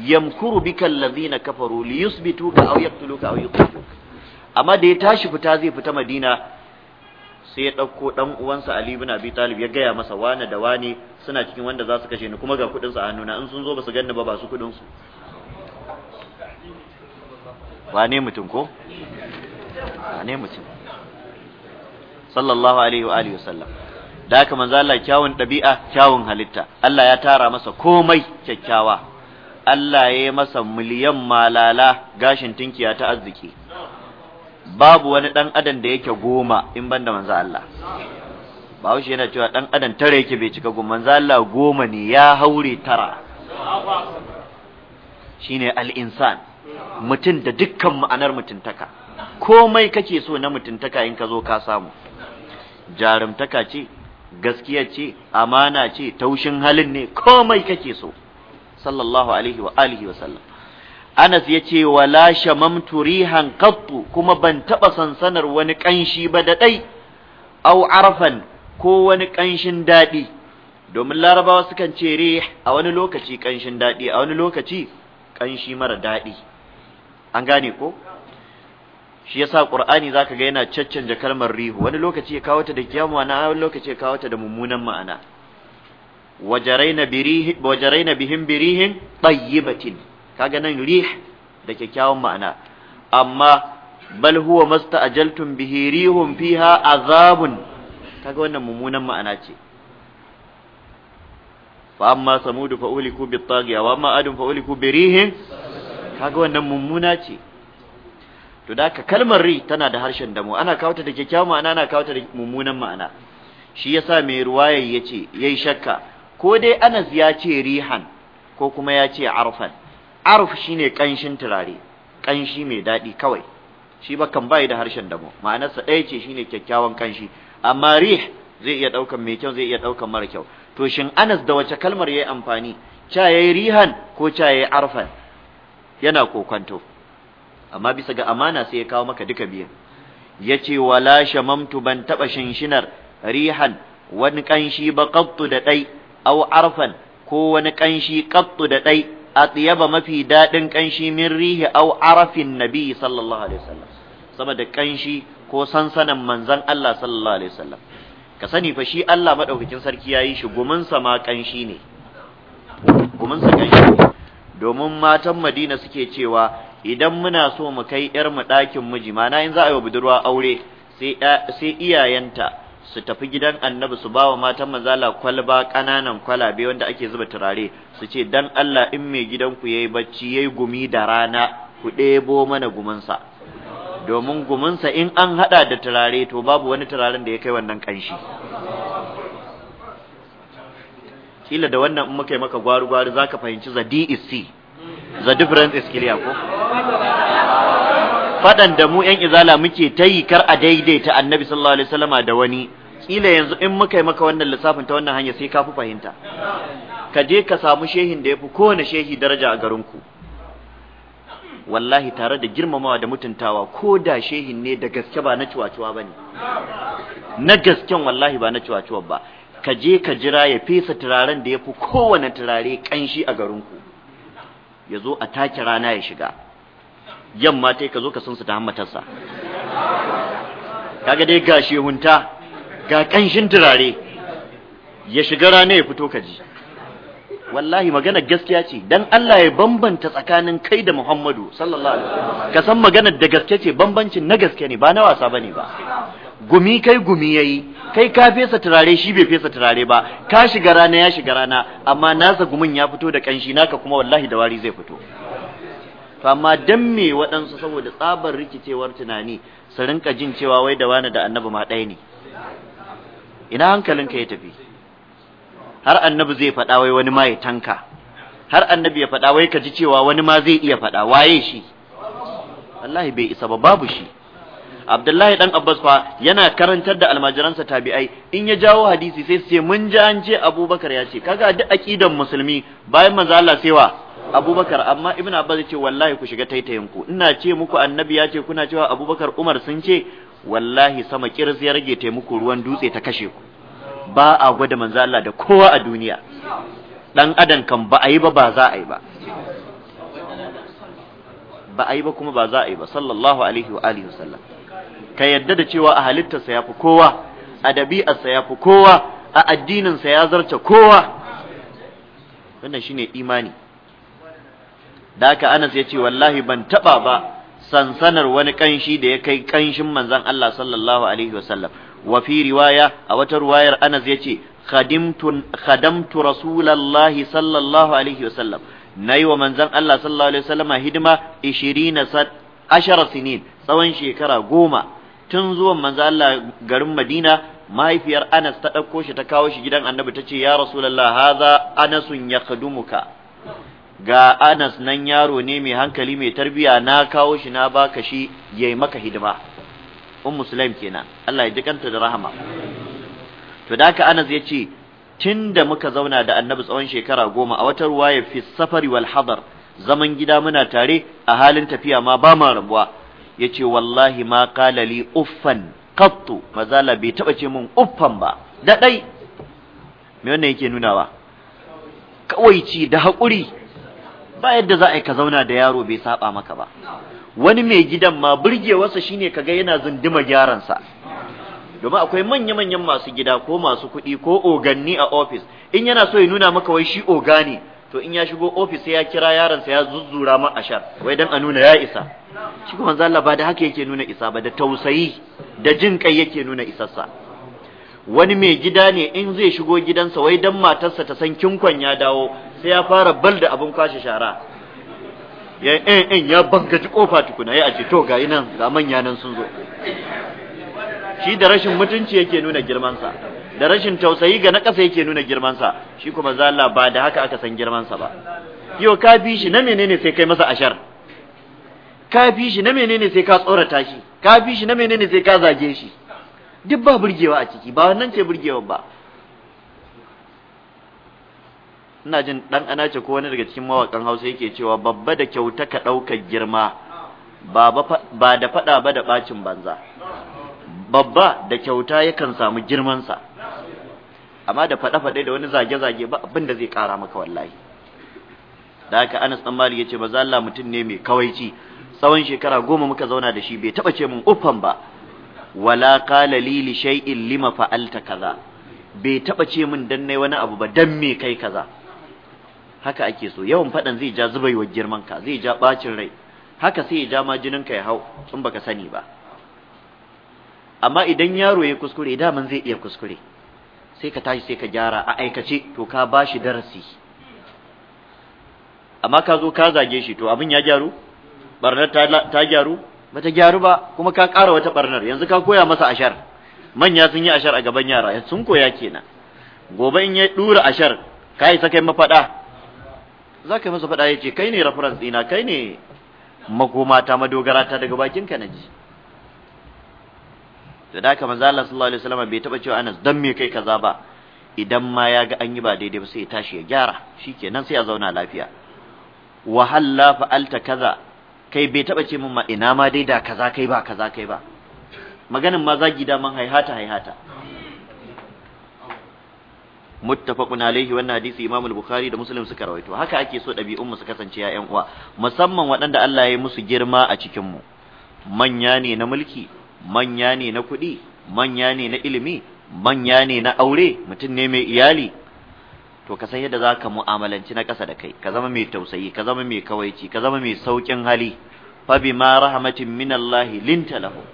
yamkuru bika allazina kafaru liyusbituka aw yaqtuluka aw yuqtuluka amma da ya tashi fita zai fita Madina sai ya ɗauko ɗan uwansa Ali ibn Abi Talib ya gaya masa wane da wane suna cikin wanda za su kashe ni kuma ga kuɗin su a hannuna in sun zo ba su ganni ba ba su kuɗin su wane mutum ko wane mutum sallallahu alaihi wa alihi wasallam da haka manzo Allah kyawun ɗabi'a kyawun halitta Allah ya tara masa komai kyakkyawa Allah ya yi masa miliyan malala gashin tinkiya ta arziki babu wani ɗan adam da yake goma in ban da manzo Allah Bahaushe yana cewa ɗan adam tara yake bai cika goma manzo Allah goma ne ya haure tara Shi ne insan mutum da dukkan ma'anar mutuntaka komai kake so na mutuntaka in ka zo ka samu jarumtaka ce gaskiya ce amana ce taushin halin ne komai kake so sallallahu alaihi wa alihi wa sallam Anas ya ce wala shamamtu rihan qattu kuma ban taɓa sansanar wani ƙanshi ba da ɗai au arfan ko wani ƙanshin daɗi domin larabawa sukan ce rih a wani lokaci ƙanshin daɗi a wani lokaci ƙanshi mara daɗi an gane ko shi yasa qur'ani zaka ga yana caccanja kalmar rihu wani lokaci ya kawo ta da kiyama na wani lokaci ya kawo ta da mummunan ma'ana wajaraina birihin wajaraina bihim birihin tayyibatin kaga nan rih da kyakkyawan ma'ana amma bal huwa masta'ajaltum bihi rihum fiha azabun kaga wannan mummunan ma'ana ce fa amma samud fa uliku bi taghiya wa amma adun fa uliku bi rihin kaga wannan mummuna ce to da ka kalmar ri tana da harshen damo ana kawo ta da kyakkyawan ma'ana ana kawo ta da mummunan ma'ana shi yasa mai ruwayar yace yayi shakka ko dai Anas ya ce rihan ko kuma ya ce arfan aruf shine ƙanshin turare ƙanshi mai daɗi kawai shi ba kan bai da harshen damo ma'anarsa ɗaya ce shine kyakkyawan kanshi amma rih zai iya ɗaukan mai kyau zai iya ɗaukan mara kyau to shin anas da wace kalmar yayi amfani ya yi rihan ko ya yi arfan yana kokwanto amma bisa ga amana sai ya kawo maka duka biyan ce, wala shamamtu ban taɓa shinshinar rihan wani ƙanshi ba qattu da dai Au arfan ko wani ƙanshi qattu da ɗai atyaba mafi daɗin ƙanshi min rihi aw arafin nabi sallallahu alaihi wasallam sama da ƙanshi ko sansanan manzon Allah sallallahu alaihi wasallam ka sani fa shi Allah madaukakin sarki yayi shi gumin sa ma kanshi ne gumin sa kanshi ne domin matan Madina suke cewa idan muna so mu kai yar mu ɗakin miji mana in za a yi budurwa aure sai sai iyayenta su tafi gidan annabi su bawa matan mazala kwalba ƙananan kwalabe wanda ake zuba turare su ce dan Allah in mai gidanku yayi bacci yayi gumi da rana ku ɗebo mana guminsa domin guminsa in an haɗa da turare to babu wani turaren da ya kai wannan ƙanshi kila da wannan in muka yi maka gwaru-gwaru za ka fahimci the DSC the difference is clear ko Faɗan da mu yan izala muke ta yi kar a daidaita annabi sallallahu alaihi wasallama da wani kila yanzu in muka yi maka wannan lissafin ta wannan hanya sai ka fi fahimta ka je ka samu shehin da ya fi kowane shehi daraja a garinku wallahi tare da girmamawa da mutuntawa ko da shehin ne da gaske ba na cuwa-cuwa ba ne na gasken wallahi ba na cuwa ba ka je ka jira ya fesa turaren da ya fi kowane turare ƙanshi a garinku ya zo a take rana ya shiga yamma ta yi ka zo ka san ta hammatarsa kaga dai ga shehunta ga kanshin turare ya shiga rana ya fito ka ji wallahi maganar gaskiya ce dan Allah ya bambanta tsakanin kai da Muhammadu sallallahu alaihi wasallam ka san maganar da gaske ce bambancin na gaske ne ba na wasa bane ba gumi kai gumi yayi kai ka fesa turare shi bai fesa turare ba ka shiga rana ya shiga rana amma nasa gumin ya fito da kanshi naka kuma wallahi da wari zai fito to amma dan me waɗansu saboda tsabar rikicewar tunani su rinka jin cewa wai da wani da annabi ma ɗaya ne ina hankalinka ya tafi har annabi zai faɗa wai wani ma ya tanka har annabi ya faɗa wai ka ji cewa wani ma zai iya faɗa waye shi wallahi bai isa ba babu shi Abdullahi dan Abbas fa yana karantar da almajiransa tabi'ai in ya jawo hadisi sai su ce mun ji an ce Abubakar ya ce kaga duk aqidan musulmi bayan manzo Allah sai wa abubakar amma ibn abbas ce wallahi ku shiga taitayin ku ina ce muku annabi ya ce kuna cewa abubakar umar sun ce wallahi sama kirz ya rage taimako ruwan dutse ta kashe ku ba a gwada manzo Allah da kowa a duniya dan adam kan ba a yi ba ba za a yi ba ba a ba kuma ba za a yi ba sallallahu alaihi wa alihi wasallam ka yadda da cewa a halittarsa ya fi kowa a dabi'arsa ya fi kowa a addininsa ya zarce kowa wannan shine imani da haka Anas ya ce wallahi ban taba ba sansanar wani kanshi da ya kai kanshin manzon Allah sallallahu alaihi wasallam wa fi riwaya a wata ruwayar Anas ya ce khadamtu rasulallahi sallallahu alaihi wasallam nayi wa manzon Allah sallallahu alaihi wasallama hidima 20 ashara sinin tsawon shekara goma tun zuwan manzon Allah garin Madina mahaifiyar Anas ta ɗauko shi ta kawo shi gidan Annabi ta ce ya Rasulullah haza Anasun yakhdumuka ga Anas nan yaro ne mai hankali mai tarbiya na kawo shi na baka shi yayi maka hidima ummu sulaim kenan Allah ya dukanta da rahama to da haka Anas yace tunda muka zauna da Annabi tsawon shekara goma a wata ruwaya fi safari wal hadar zaman gida muna tare a halin tafiya ma ba ma rabuwa yace wallahi ma qala li uffan qattu mazala bai taba ce mun uffan ba da dai me wannan yake nunawa kawaici da haƙuri ba yadda za a yi ka zauna da yaro bai saba maka ba wani mai gidan ma burgewarsa shine kaga yana zunduma gyaransa domin akwai manya-manyan masu gida ko masu kuɗi ko oganni a ofis in yana so ya nuna maka wai shi oga ne to in ya shigo ofis sai ya kira yaransa ya zuzzura ma shar wai dan a nuna ya isa shi kuma zalla ba da haka yake nuna isa ba da tausayi da jin kai yake nuna isarsa wani mai gida ne in zai shigo gidansa wai dan matarsa ta san kinkon ya dawo sai ya fara bal da abin kwashe shara ya in eh, in eh, ya bangaji kofa tukuna ya ce to ga nan ga manya nan sun zo shi da rashin mutunci yake nuna girmansa da rashin tausayi ga na ƙasa yake nuna girmansa shi kuma zalla ba da haka aka san girmansa ba yau ka bi shi na menene sai kai masa ashar ka bi shi na menene sai ka tsorata shi ka bi shi na menene sai ka zage shi duk ba burgewa a ciki ba wannan ce burgewa ba ina jin dan ana ce ko wani daga cikin mawakan Hausa yake cewa babba da kyauta ka daukar girma ba ba da fada ba da bacin banza babba da kyauta yakan samu girmansa, sa amma da fada fada da wani zage zage ba abin da zai kara maka wallahi da haka Anas dan Malik yace ba za Allah mutum ne mai kawaici tsawon shekara goma muka zauna da shi bai taba ce mun uffan ba wala qala li li shay'in lima fa'alta kaza bai taba ce min dan nayi wani abu ba dan me kai kaza haka ake so yawan fadan zai ja wa girman ka zai ja bacin rai haka sai ya ja ma jinin ka ya hau in baka sani ba amma idan yaro ya kuskure daman zai iya kuskure sai ka tashi sai ka gyara a aikace to ka bashi darasi amma ka zo ka zage shi to abin ya gyaru barnar ta gyaru bata gyaru ba kuma ka ƙara wata barnar yanzu ka koya masa ashar manya sun yi ashar a gaban yara sun koya kenan gobe in ya dura ashar ka yi sakai mafaɗa za ka yi masa faɗa ya ce kai ne reference ɗina kai ne makoma ta madogara ta daga bakin ka na ji da da manzo Allah sallallahu alaihi wasallam bai taɓa cewa anas dan me kai kaza ba idan ma ya ga an yi ba daidai ba sai ya tashi ya gyara shikenan sai ya zauna lafiya Wahala fa'alta kaza kai bai taba ce min ma ina ma dai da kaza kai ba kaza kai ba maganin ma zagi da man haihata haihata muttafaqun alaihi wannan hadisi Imam al-Bukhari da Muslim suka rawaito haka ake so dabi'un mu su kasance ya uwa musamman waɗanda Allah ya yi musu girma a cikin mu manya ne na mulki manya ne na kuɗi manya ne na ilimi manya ne na aure mutum ne mai iyali to ka san yadda zaka mu'amalanci na ƙasa da kai ka zama mai tausayi ka zama mai kawaici ka zama mai saukin hali fa ma, rahmatin min Allah linta lahu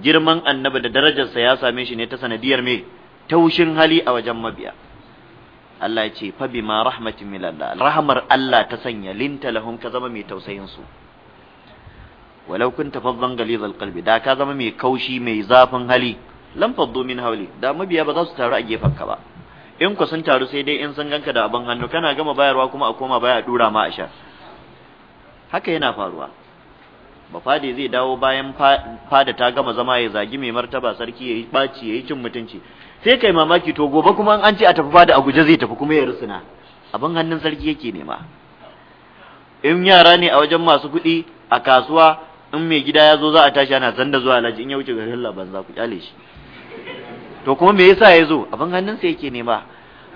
girman annabi da darajarsa ya same shi ne ta sanadiyar me taushin hali a wajen mabiya Allah ya ce fa ma, rahmatin min Allah rahamar Allah ta sanya linta lahum ka zama mai tausayin su walau kunta faddan ghalizal da ka zama mai kaushi mai zafin hali lam faddu min hawli da mabiya ba za su taru a gefanka ba in ku sun taru sai dai in sun ganka da abin hannu kana gama bayarwa kuma a koma baya dura ma a sha haka yana faruwa Ba fadi zai dawo bayan fada ta gama zama ya zagi mai martaba sarki ya yi ɓaci ya yi cin mutunci sai kai mamaki to gobe kuma an ce a tafi fada a guje zai tafi kuma ya rusuna abin hannun sarki yake nema in yara ne a wajen masu kuɗi a kasuwa in mai gida ya zo za a tashi ana sanda zuwa alhaji in ya wuce garin ban za ku kyale shi to kuma me yasa ya zo abin hannunsa yake nema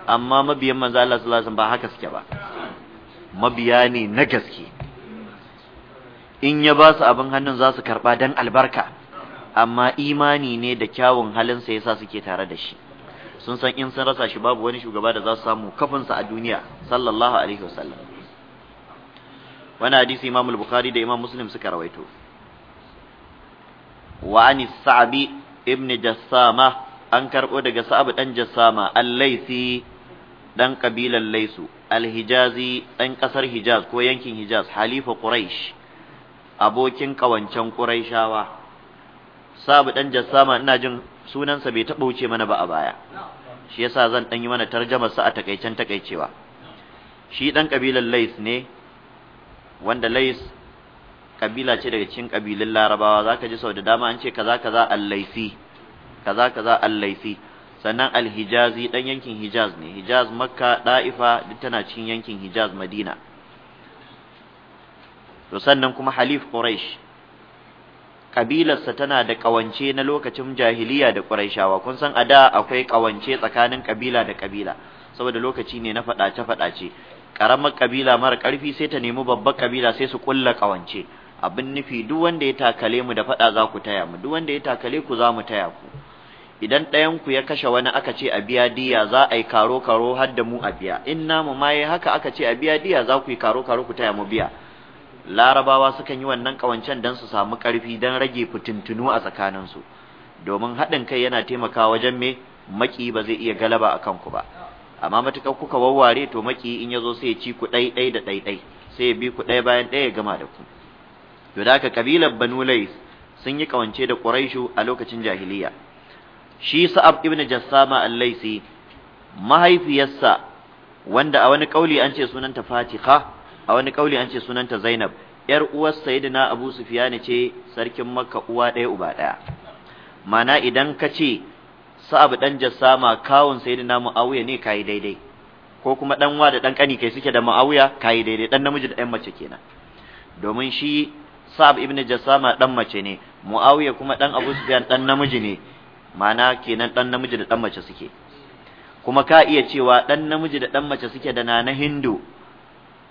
amma mabiyan manzo Allah sallallahu alaihi ba haka suke ba mabiya ne na gaske in ya ba su abin hannun za su karba dan albarka amma imani ne da kyawun halinsa yasa suke tare da shi sun san in sun rasa shi babu wani shugaba da za su samu kafinsa a duniya sallallahu alaihi wasallam wani hadisi imam al-bukhari da imam muslim suka rawaito wa ani sa'bi ibn jassama an karɓo daga Sa'ab ɗan Jassama, Al-Laisi ɗan ƙabilan Laisu, alhijazi, ɗan ƙasar Hijaz ko yankin Hijaz, Halifa ƙuraish abokin ƙawancen Qurayshawa. Sa'ab ɗan Jassama ina jin sunansa bai taɓa wuce mana ba a baya. Shi yasa zan ɗan yi mana tarjamarsa a takaicen takaicewa. Shi ɗan ƙabilan Lais ne, wanda Lais ƙabila ce daga cikin ƙabilun Larabawa, za ka ji sau da dama an ce kaza kaza Al-Laisi. kaza kaza al laythi sannan al-hijazi dan yankin hijaz ne hijaz makka da'ifa duk tana cikin yankin hijaz madina to sannan kuma halif quraish kabilarsa tana da kawance na lokacin jahiliya da quraishawa kun san ada akwai kawance tsakanin kabila da kabila saboda lokaci ne na fadace fadace karamar kabila mara karfi sai ta nemi babbar kabila sai su kulla kawance abin nufi duk wanda ya takale mu da faɗa za ku taya mu duk wanda ya takale ku za mu taya ku idan ɗayanku ya kashe wani aka ce a biya diya za a yi karo karo har da mu a biya in namu ma yi haka aka ce a biya diya za ku yi karo karo ku taya mu biya larabawa sukan yi wannan ƙawancen don su samu ƙarfi don rage fitintunu a tsakaninsu domin haɗin kai yana taimakawa wajen me maki ba zai iya galaba a kanku ba amma matuƙar kuka wawware to maki in ya zo sai ya ci ku ɗai ɗai da ɗai ɗai sai ya bi ku ɗaya bayan ɗaya ya gama da ku to da haka kabilar banu sun yi kawance da quraishu a lokacin jahiliya shi sa'ab ibn jassama al-laisi mahaifiyarsa wanda a wani kauli an ce sunanta fatiha a wani kauli an ce sunanta zainab yar uwar sayyidina abu sufyan ce sarkin makka uwa ɗaya uba ɗaya mana idan ka ce sa'ab dan jassama kawun sayyidina muawiya ne kai daidai ko kuma dan wa da dan kani kai suke da muawiya kai daidai dan namiji da ɗan mace kenan domin shi sa'ab ibn jassama dan mace ne muawiya kuma dan abu sufyan dan namiji ne Ma'ana kenan ɗan namiji da ɗan mace suke kuma ka iya cewa ɗan namiji da ɗan mace suke da na na hindu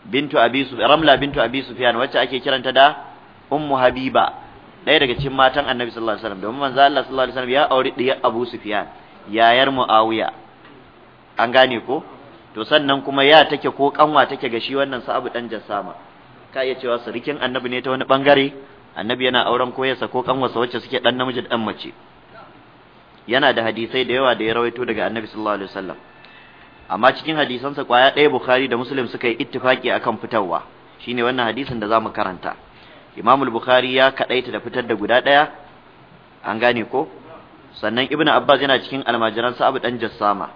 bintu Abisu, ramla bintu Abisu fiyan wacce ake kiranta da ummu habiba ɗaya daga cikin matan annabi sallallahu alaihi wasallam domin manzo Allah sallallahu alaihi wasallam ya auri diyar abu sufyan yayar muawiya an gane ko to sannan kuma ya take ko kanwa take ga shi wannan sa'abu dan jassama ka iya cewa surikin annabi ne ta wani bangare annabi yana auren ko ya sako kanwarsa wacce suke dan namiji da dan mace yana da hadisai da yawa da ya rawaito daga annabi sallallahu alaihi wasallam amma cikin hadisansa kwaya ɗaya bukhari da muslim suka yi ittifaki akan fitarwa shine wannan hadisin da zamu karanta imamul bukhari ya kadaita da fitar da guda ɗaya an gane ko sannan ibn abbas yana cikin almajiran abu dan jassama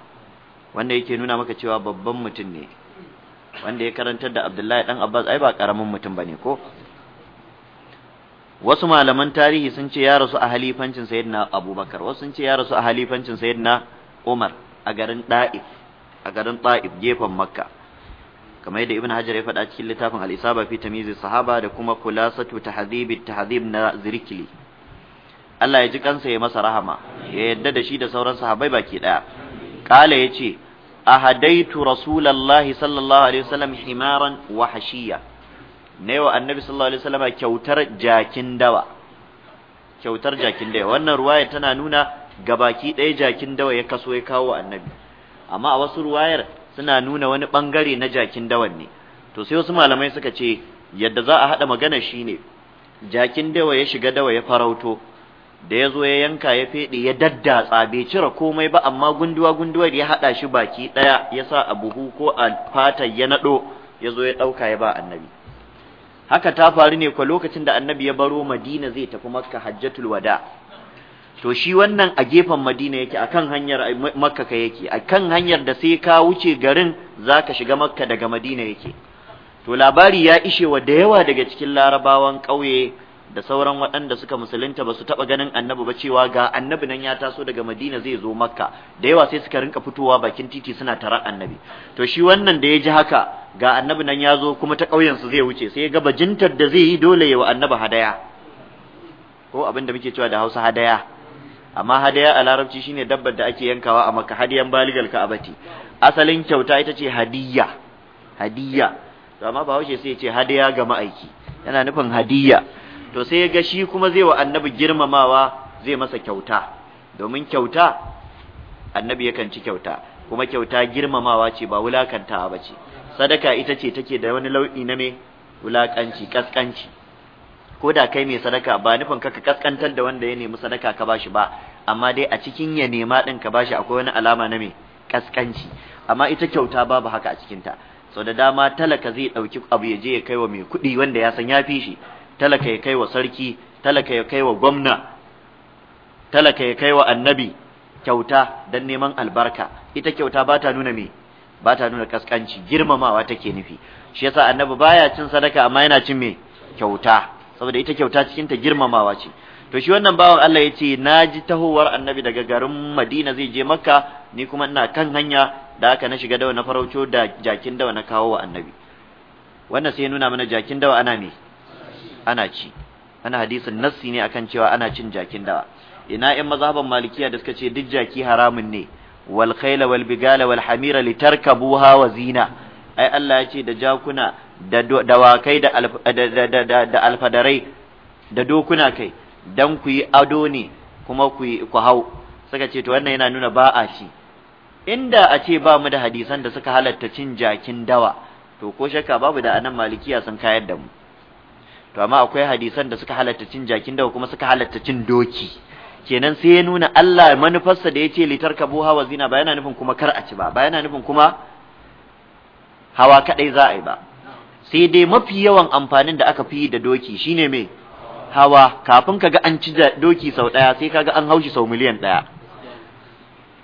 wanda yake nuna maka cewa babban mutum ne wanda ya karantar da abdullahi dan abbas ai ba karamin mutum bane ko wasu malaman tarihi sun ce ya rasu a halifancin sayyidina abubakar wasu sun ce ya rasu a halifancin sayyidina umar a garin da'if a garin ta'if gefen makka kamar yadda ibn hajar ya faɗa cikin littafin al-isaba fi tamyiz sahaba da kuma kulasatu tahdhib tahdhib na zirkili Allah ya ji kansa ya masa rahama ya yadda da shi da sauran sahabbai baki daya kala yace ahadaitu rasulullahi sallallahu alaihi wasallam himaran wa hashiya ne wa annabi sallallahu alaihi wasallama kyautar jakin dawa kyautar jakin dawa wannan ruwayar tana nuna gabaki ɗaya jakin dawa ya kaso ya kawo annabi amma a wasu ruwayar suna nuna wani bangare na jakin dawan ne to sai wasu malamai suka ce yadda za a haɗa magana shine jakin dawa ya shiga dawa ya farauto da ya zo ya yanka ya feɗe ya daddatsa bai cire komai ba amma gunduwa gunduwar ya haɗa shi baki ɗaya ya sa a buhu ko a fata ya naɗo ya zo ya ɗauka ya ba annabi haka ta faru ne kwa lokacin da annabi ya baro madina zai tafi makka hajjatul wada to shi wannan a gefen madina yake akan hanyar makka ka yake akan hanyar da sai ka wuce garin zaka shiga makka daga madina yake to labari ya ishe wa da yawa daga cikin larabawan ƙauye da sauran waɗanda suka musulunta ba su taɓa ganin annabi ba cewa ga annabi nan ya taso daga madina zai zo makka da yawa sai suka rinka fitowa bakin titi suna tarar annabi to shi wannan da ya ji haka ga annabi nan ya zo kuma ta su zai wuce sai ya ga bajintar da zai yi dole ya wa annabi hadaya ko abin muke cewa da hausa hadaya amma hadaya a larabci shine dabbar da ake yankawa a makka hadiyan baligal abati asalin kyauta ita ce hadiyya hadiyya to amma ba sai ya ce hadaya ga ma'aiki yana nufin hadiyya to sai ya ga shi kuma zai wa annabi girmamawa zai masa kyauta domin kyauta annabi yakan ci kyauta kuma kyauta girmamawa ce ba wulakantawa ba ce sadaka ita ce take da wani lau'i na me wulakanci kaskanci ko da kai mai sadaka ba nufin ka kaskantar da wanda ya nemi sadaka ka bashi ba amma dai a cikin ya nema din ka bashi akwai wani alama na me kaskanci amma ita kyauta babu haka a cikinta sau da dama talaka zai ɗauki abu ya je ya kai wa mai kuɗi wanda ya san ya fi shi talaka ya kai wa sarki talaka ya kai wa gwamna talaka ya kai wa annabi kyauta don neman albarka ita kyauta ba ta nuna me ba ta nuna kaskanci girmamawa take nufi shi yasa annabi baya cin sadaka amma yana cin me kyauta saboda ita kyauta cikin ta girmamawa ce to shi wannan bawan Allah ya ce na ji tahowar annabi daga garin Madina zai je Makka ni kuma ina kan hanya da aka na shiga dawa na farauto da jakin dawa na kawo wa annabi wannan sai ya nuna mana jakin dawa ana me ana ci ana hadisin nassi ne akan cewa ana cin jakin dawa ina yan mazhaban malikiya da suka ce duk jaki haramun ne wal khayla wal bigala wal hamira litarkabuha wa zina ai Allah ya ce da jakuna da dawakai da da alfadarai da dokuna kai dan ku yi ado ne kuma ku ku hau suka ce to wannan yana nuna ba a shi inda a ce ba mu da hadisan da suka halatta cin jakin dawa to ko shakka babu da anan malikiya sun kayar da mu to amma akwai hadisan da suka halatta cin jakin dawa kuma suka halatta cin doki kenan sai ya nuna Allah manufarsa da ya ce litar kabu hawa zina ba yana nufin kuma kar a ci ba ba yana nufin kuma hawa kadai za a yi ba sai dai mafi yawan amfanin da aka fi da doki shine me hawa kafin kaga an ci doki sau daya sai kaga an haushi sau miliyan daya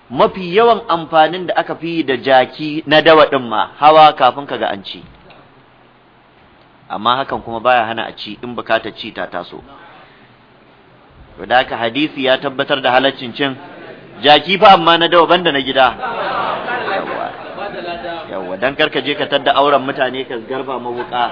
mafi yawan amfanin da aka fi da jaki na dawa din ma hawa kafin kaga an ci amma hakan kuma baya hana a ci in bukatar ci ta taso to da hadisi ya tabbatar da halaccin cin jaki fa amma na dawa banda na gida yawa dan karka je ka tadda auren mutane ka garba mabuka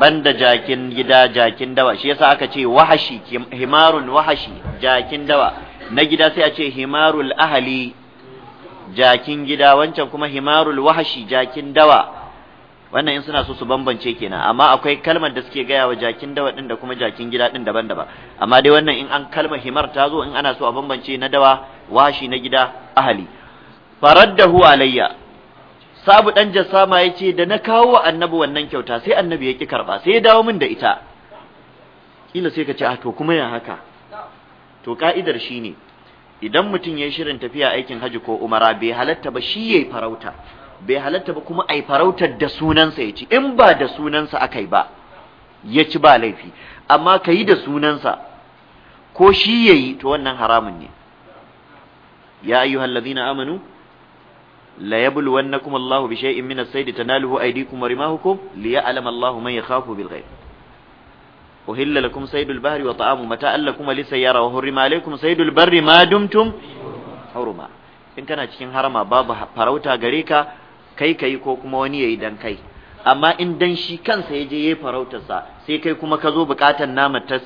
banda jakin gida jakin dawa shi yasa aka ce wahashi himarun wahashi jakin dawa na gida sai a ce himarul ahali jakin gida wancan kuma himarul wahashi jakin dawa wannan in suna so su bambance kenan amma akwai kalmar da suke gaya wa jakin dawa din da kuma jakin gida din daban-daban amma dai wannan in an kalmar himar ta zo in ana so a bambance na dawa washi na gida ahali faraddahu alayya sabu dan jassama yace da na kawo annabi wannan kyauta sai annabi ya ki karba sai ya dawo min da ita kila sai ka ce ah, to kuma ya haka to ka'idar shine idan mutum yayi shirin tafiya aikin haji ko umara bai halatta ba shi yayi farauta bai halatta ba kuma ai farautar da sunansa ya ci in ba da sunansa aka yi ba ya ci ba laifi amma ka yi da sunansa ko shi ya yi to wannan haramun ne ya ayyuhal ladhina amanu la kuma Allahu bi shay'in min as-sayd tanaluhu aydikum wa rimahukum liya'lama Allahu man yakhafu bil ghaib أهل لكم صيد البحر وطعام متاعا لكم وللسيارة وحرم عليكم صيد البر ما دمتم حرما in kana cikin harama babu farauta gare ka kai kai ko kuma wani yayi dan kai amma in dan shi kansa ya je yayi farautarsa sai kai kuma ka zo bukatan nama ta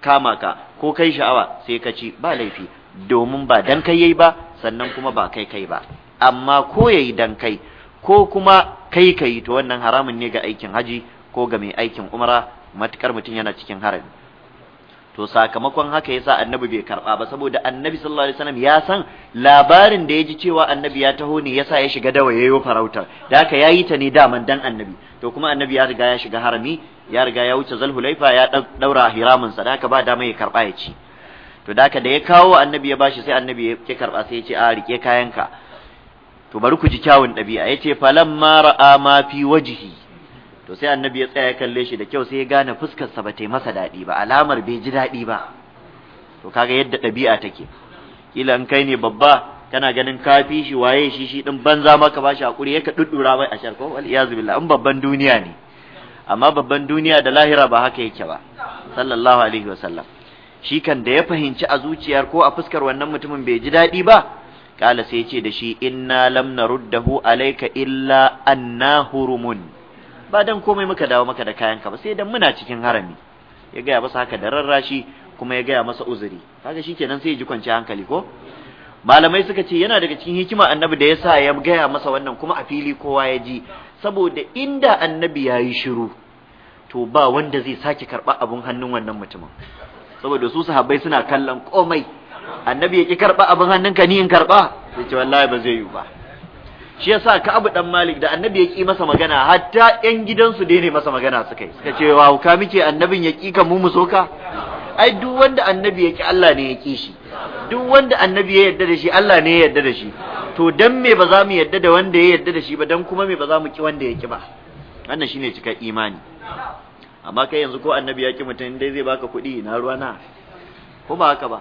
kama ka ko kai sha'awa sai ka ci ba laifi domin ba dan kai yayi ba sannan kuma ba kai kai ba amma ko yayi dan kai ko kuma kai kai to wannan haramun ne ga aikin haji ko ga mai aikin umra matukar mutum yana cikin harami to sakamakon haka yasa annabi bai karba ba saboda annabi sallallahu alaihi wasallam ya san labarin da ya ji cewa annabi ya taho ne yasa ya shiga dawa yayo farautar da haka yayi ta ne daman dan annabi to kuma annabi ya riga ya shiga harami ya riga ya wuce hulaifa ya daura hiramin sa da haka ba dama ya karba ya ci to da haka da ya kawo annabi ya bashi sai annabi ya karba sai ya ce a rike kayanka to bari ku ji kyawun ɗabi'a yace falamma ra'a ma fi wajhi to sai annabi ya tsaya kalle shi da kyau sai ya gane fuskar sa ta masa daɗi ba alamar bai ji daɗi ba to kaga yadda ɗabi'a take kila in kai ne babba kana ganin kafi shi waye shi shi din banza maka bashi hakuri yake duddura mai a sharko wal iyaz billah in babban duniya ne amma babban duniya da lahira ba haka yake ba sallallahu alaihi wasallam shi kan da ya fahimci a zuciyar ko a fuskar wannan mutumin bai ji daɗi ba kala sai ce da shi inna lam naruddahu alayka illa anna hurumun ba dan komai muka dawo maka da kayan ka ba sai dan muna cikin harami ya gaya masa haka da rarrashi kuma ya gaya masa uzuri kaga shikenan sai ya ji kwanci hankali ko malamai suka ce yana daga cikin hikima annabi da yasa ya gaya masa wannan kuma a fili kowa ya ji saboda inda annabi ya yi shiru to ba wanda zai sake karɓa abun hannun wannan mutumin saboda su sahabbai suna kallon komai annabi ya ki karɓa abin hannunka ni in karɓa sai ce wallahi ba zai yi ba shi yasa abu dan Malik da Annabi ya ki masa magana hatta ƴan gidansu da ne masa magana suka yi suka ce wa ka muke annabin ya ki ka mu mu soka ai duk wanda annabi ya ki Allah ne ya ki shi duk wanda annabi ya yarda da shi Allah ne ya yarda da shi to dan me ba za mu yarda da wanda ya yarda da shi ba dan kuma me ba za mu ki wanda ya ki ba wannan shine cika imani amma kai yanzu ko annabi ya ki mutum dai zai baka kuɗi na ruwa na ko ba haka ba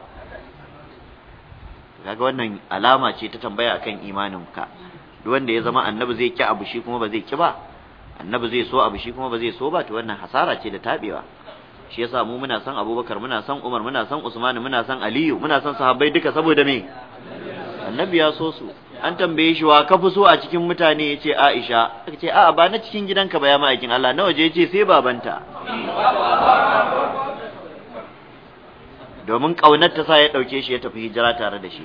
kaga wannan alama ce ta tambaya akan imanin ka duk wanda ya zama annabi zai ki abu shi kuma ba zai ki ba annabi zai so abu shi kuma ba zai so ba to wannan hasara ce da tabewa shi yasa mu muna son Abubakar muna son Umar muna son Usman muna son Aliyu muna son sahabbai duka saboda me annabi ya so su an tambaye shi wa kafi so a cikin mutane yace Aisha aka ce a'a ba na cikin gidanka ba ya ma'aikin Allah na waje yace sai babanta domin kaunar ta sa ya dauke shi ya tafi hijira tare da shi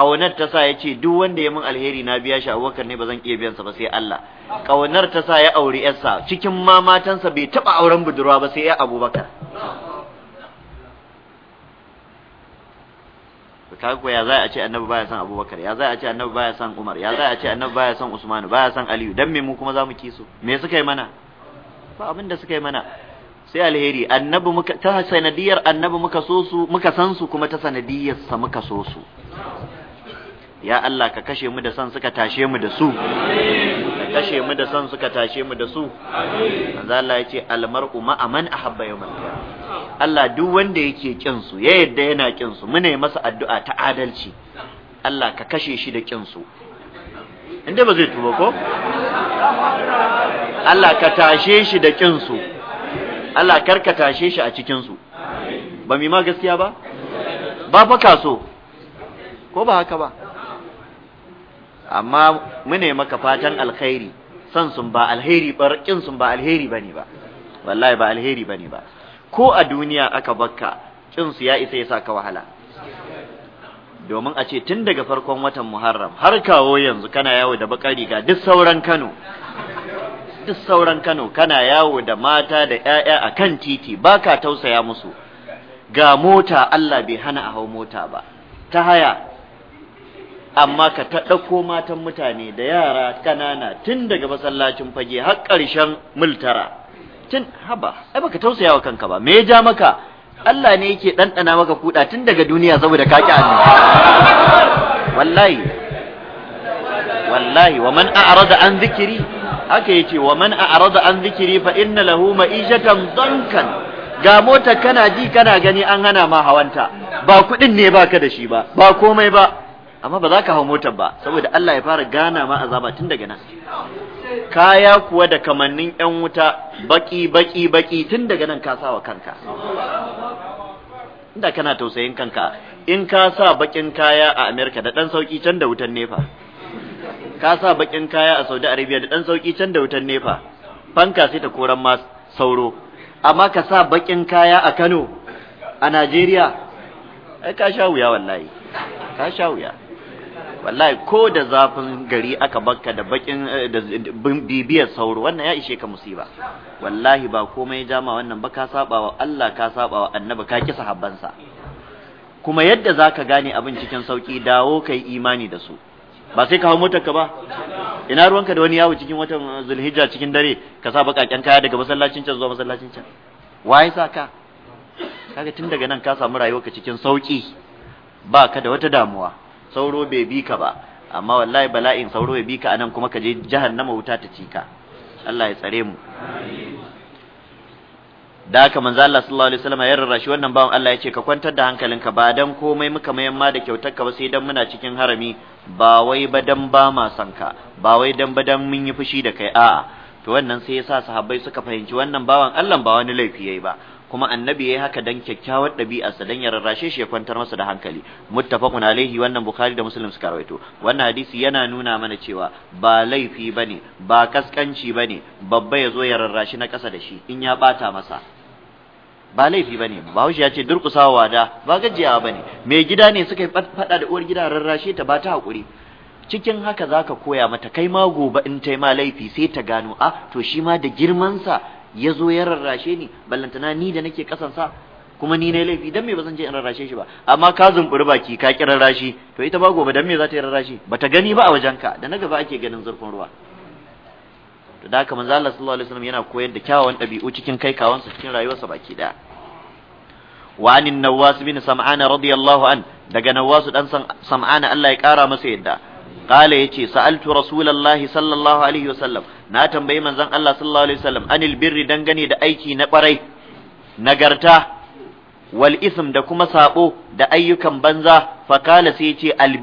ƙaunar ta sa ya ce duk wanda ya min alheri na biya shi abubakar ne ba zan iya biyansa ba sai Allah ƙaunar ta sa ya auri yarsa cikin ma matansa bai taɓa auren budurwa ba sai ya abubakar kaga ya za a ce annabi baya son abubakar ya za a ce annabi baya son umar ya za a ce annabi baya son usmanu baya son aliyu dan me mu kuma za mu ki su me suka yi mana ba abin da suka yi mana sai alheri annabi muka ta sanadiyar annabi muka so su muka san su kuma ta sanadiyar sa muka so su ya Allah ka kashe mu da son suka tashe mu da su ka kashe mu da son suka tashe mu da su manzo Allah ya ce almar'u ma aman ahabba yawmal Allah duk wanda yake kin su ya yadda yana kin su mune masa addu'a ta adalci Allah ka kashe shi da kin su inda ba zai tuba ko Allah ka tashe shi da kin su Allah kar ka tashe shi a cikin su ba mi ma gaskiya ba ba fa ka so. ko ba haka ba amma mune maka fatan alkhairi san sun ba alheri ba kin sun ba alheri bane ba wallahi ba alheri bane ba ko a duniya aka bakka kin su ya isa ya saka wahala domin a ce tun daga farkon watan Muharram har kawo yanzu kana yawo da bakari riga duk sauran Kano duk sauran Kano kana yawo da mata da ƴaƴa kan titi baka tausaya musu ga mota Allah bai hana a hau mota ba ta haya amma ka ta ɗauko matan mutane da yara ƙanana tun daga masallacin fage har ƙarshen multara tun haba ai baka tausaya wa kanka ba me ya ja maka Allah ne yake ɗanɗana maka kuɗa tun daga duniya saboda ka ƙi wallahi wallahi wa man a'rada an zikiri haka yace wa man a'rada an zikiri fa inna lahu ma'ishatan dankan ga mota kana ji kana gani an hana ma hawanta ba kuɗin ne baka da shi ba ba komai ba amma ba za ka hau motar ba saboda Allah ya fara gana ma azaba tun daga nan kaya kuwa da kamannin yan wuta baki baki baki tun daga nan ka sawa kanka inda kana tausayin kanka in ka sa bakin kaya a Amerika da dan sauki can da wutan nefa ka sa bakin kaya a Saudi Arabia da dan sauki can da wutan nefa fanka sai ta koran ma sauro amma ka sa bakin kaya a Kano a Najeriya ai ka sha wuya wallahi ka sha wuya wallahi ko da zafin gari aka bakka da bakin eh, da bibiyar sauro wannan ya ishe ka musiba wallahi ba komai jama wannan ba ka saba wa Allah ka saba wa annabi ka ki sahabbansa kuma yadda zaka gane abin cikin sauki dawo kai imani da su ba sai ka hau motar ka ba ina ruwanka da wani yawo cikin watan zulhijja cikin dare ka sa bakakken kaya daga masallacin can zuwa masallacin can waye saka ka kaga tun daga nan ka samu rayuwarka cikin sauki ba ka da wata damuwa sauro bai bi ka ba amma wallahi bala'in sauro bai bi ka anan kuma ka je jahannama wuta ta ci ka Allah ya tsare mu da haka manzo Allah sallallahu alaihi wasallam ya rarrashi wannan bawon Allah ya ce ka kwantar da hankalinka ba dan komai muka mayan ma da kyautar ka ba sai dan muna cikin harami ba wai ba dan ba ma san ka ba wai dan ba dan mun yi fushi da kai a'a to wannan sai yasa sahabbai suka fahimci wannan bawan Allah ba wani laifi yayi ba kuma annabi yayi haka dan kyakkyawar ɗabi'arsa dan ya rarrashe shi ya kwantar masa da hankali muttafaqun alaihi wannan bukhari da muslim suka rawaito wannan hadisi yana nuna mana cewa ba laifi bane ba kaskanci bane babba ya zo ya rarrashi na ƙasa da shi in ya bata masa ba laifi bane bahaushe ya ce durƙusawa wada ba gajiyawa bane mai gida ne suka faɗa da uwar gida rarrashe ta ba ta haƙuri cikin haka zaka koya mata kai ma gobe in tai ma laifi sai ta gano a ah, to shi ma da girmansa ya zo ya rarrashe ni ballantana ni da nake kasansa kuma ni ne laifi dan me ba zan je in rarrashe shi ba amma ka zumburi baki ka kira rarrashi to ita ba gobe dan me za ta yi rarrashi bata gani ba a wajenka da na gaba ake ganin zurfin ruwa to da haka manzo Allah sallallahu alaihi wasallam yana koyar da kyawawan ɗabi'u cikin kai kawansa cikin rayuwarsa baki daya wa anin nawas bin sam'ana radiyallahu an daga nawas dan sam'ana Allah ya kara masa yadda Ƙala ya ce, sa'altu rasulullahi sallallahu alaihi wasallam na tambayi manzon Allah sallallahu alaihi wasallam anil birri dangane da aiki na barai nagarta wal ism da kuma saɓo, da ayyukan banza fa qala sai yace al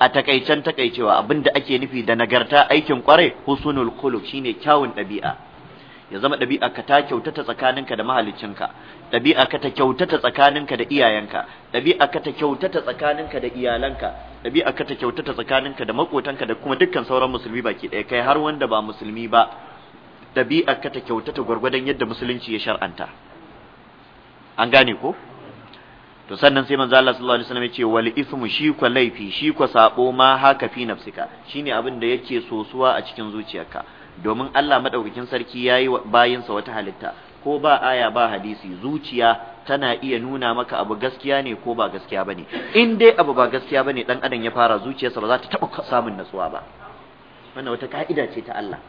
a takaicen takaicewa abinda ake nufi da nagarta aikin kwarai husnul khuluq shine kyawun ɗabi'a. ya zama ɗabi'a ka ta kyautata tsakaninka da mahaliccinka ɗabi'a ka ta kyautata tsakaninka da iyayenka ɗabi'a ka ta kyautata tsakaninka da iyalanka ɗabi'a ka ta kyautata tsakaninka da makotanka da kuma dukkan sauran musulmi baki ɗaya kai har wanda ba musulmi ba ɗabi'a ka ta kyautata gwargwadon yadda musulunci ya shar'anta an gane ko to sannan sai manzo Allah sallallahu alaihi wasallam ya ce wal ismu shi kwa laifi shi kwa sabo ma haka fi nafsika shine abin da yake sosuwa a cikin zuciyarka domin Allah maɗaukakin sarki yayi bayinsa wata halitta ko ba aya ba hadisi zuciya tana iya nuna maka abu gaskiya ne ko ba gaskiya bane in dai abu ba gaskiya bane dan adam ya fara zuciyarsa ba za ta taba samun natsuwa ba wannan wata ka'ida ce ta Allah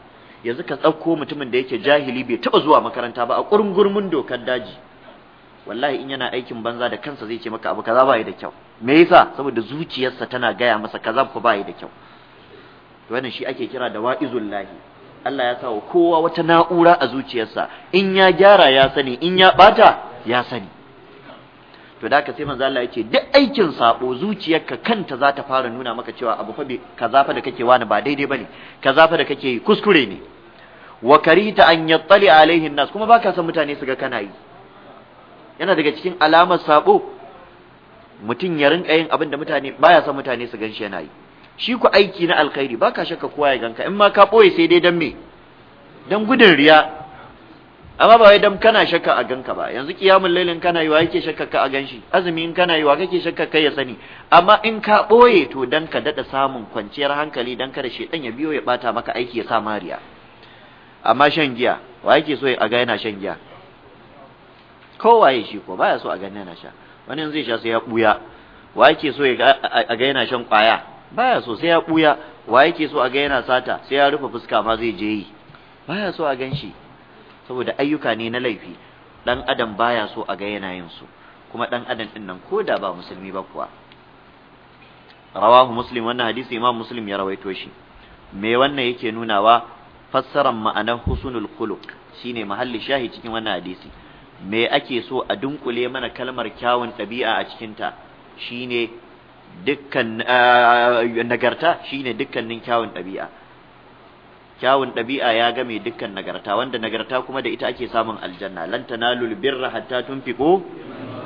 yanzu ka tsakko mutumin da yake jahili bai taba zuwa makaranta ba a kurungurmin dokar daji wallahi in yana aikin banza da kansa zai ce maka abu kaza bai da kyau me yasa saboda zuciyarsa tana gaya masa kaza ba bai da kyau wannan shi ake kira da wa'izullahi Allah ya sa kowa wata na'ura a zuciyarsa in ya gyara ya sani in ya bata ya sani to da ka sai manzo Allah yake duk aikin sabo zuciyarka kanta za ta fara nuna maka cewa abu fa kaza fa da kake wani ba daidai bane kaza fa da kake yi kuskure ne wa karita an yattali alaihin nas kuma baka san mutane su ga kana yi yana daga cikin alamar sabo mutum ya rinka yin abin da mutane baya san mutane su ganshi yana yi shi ku aiki na alkhairi ba ka shakka kowa ya ganka in ma ka ɓoye sai dai don me don gudun riya amma ba wai don kana shakka a ganka ba yanzu kiyamun lailin kana yi wa yake shakka ka a gan shi azumi in kana yi wa kake shakka kai ya sani amma in ka ɓoye to don ka daɗa samun kwanciyar hankali don kada shaidan ya biyo ya ɓata maka aiki ya sa mariya amma shan giya wa yake so a ga yana shan giya kowaye shi ko baya so a ga yana sha wani zai sha sai ya ɓuya wa yake so a ga yana shan ƙwaya baya so sai ya buya wa yake so a ga yana sata sai ya rufe fuska ma zai je yi baya so a gan shi saboda ayyuka ne na laifi dan adam baya so a ga yana yin su kuma dan adam din nan koda ba musulmi ba kuwa rawahu muslim wannan hadisi imam muslim ya rawaito shi me wannan yake nunawa fassaran ma'anar husnul khuluq shine mahalli shahi cikin wannan hadisi me ake so a dunkule mana kalmar kyawun ɗabi'a a cikinta shine dukkan ah, nagarta shine dukkanin kyawun ɗabi'a kyawun ɗabi'a ya game dukkan nagarta wanda nagarta kuma da ita ake samun aljanna lan tanalul birra hatta tunfiqu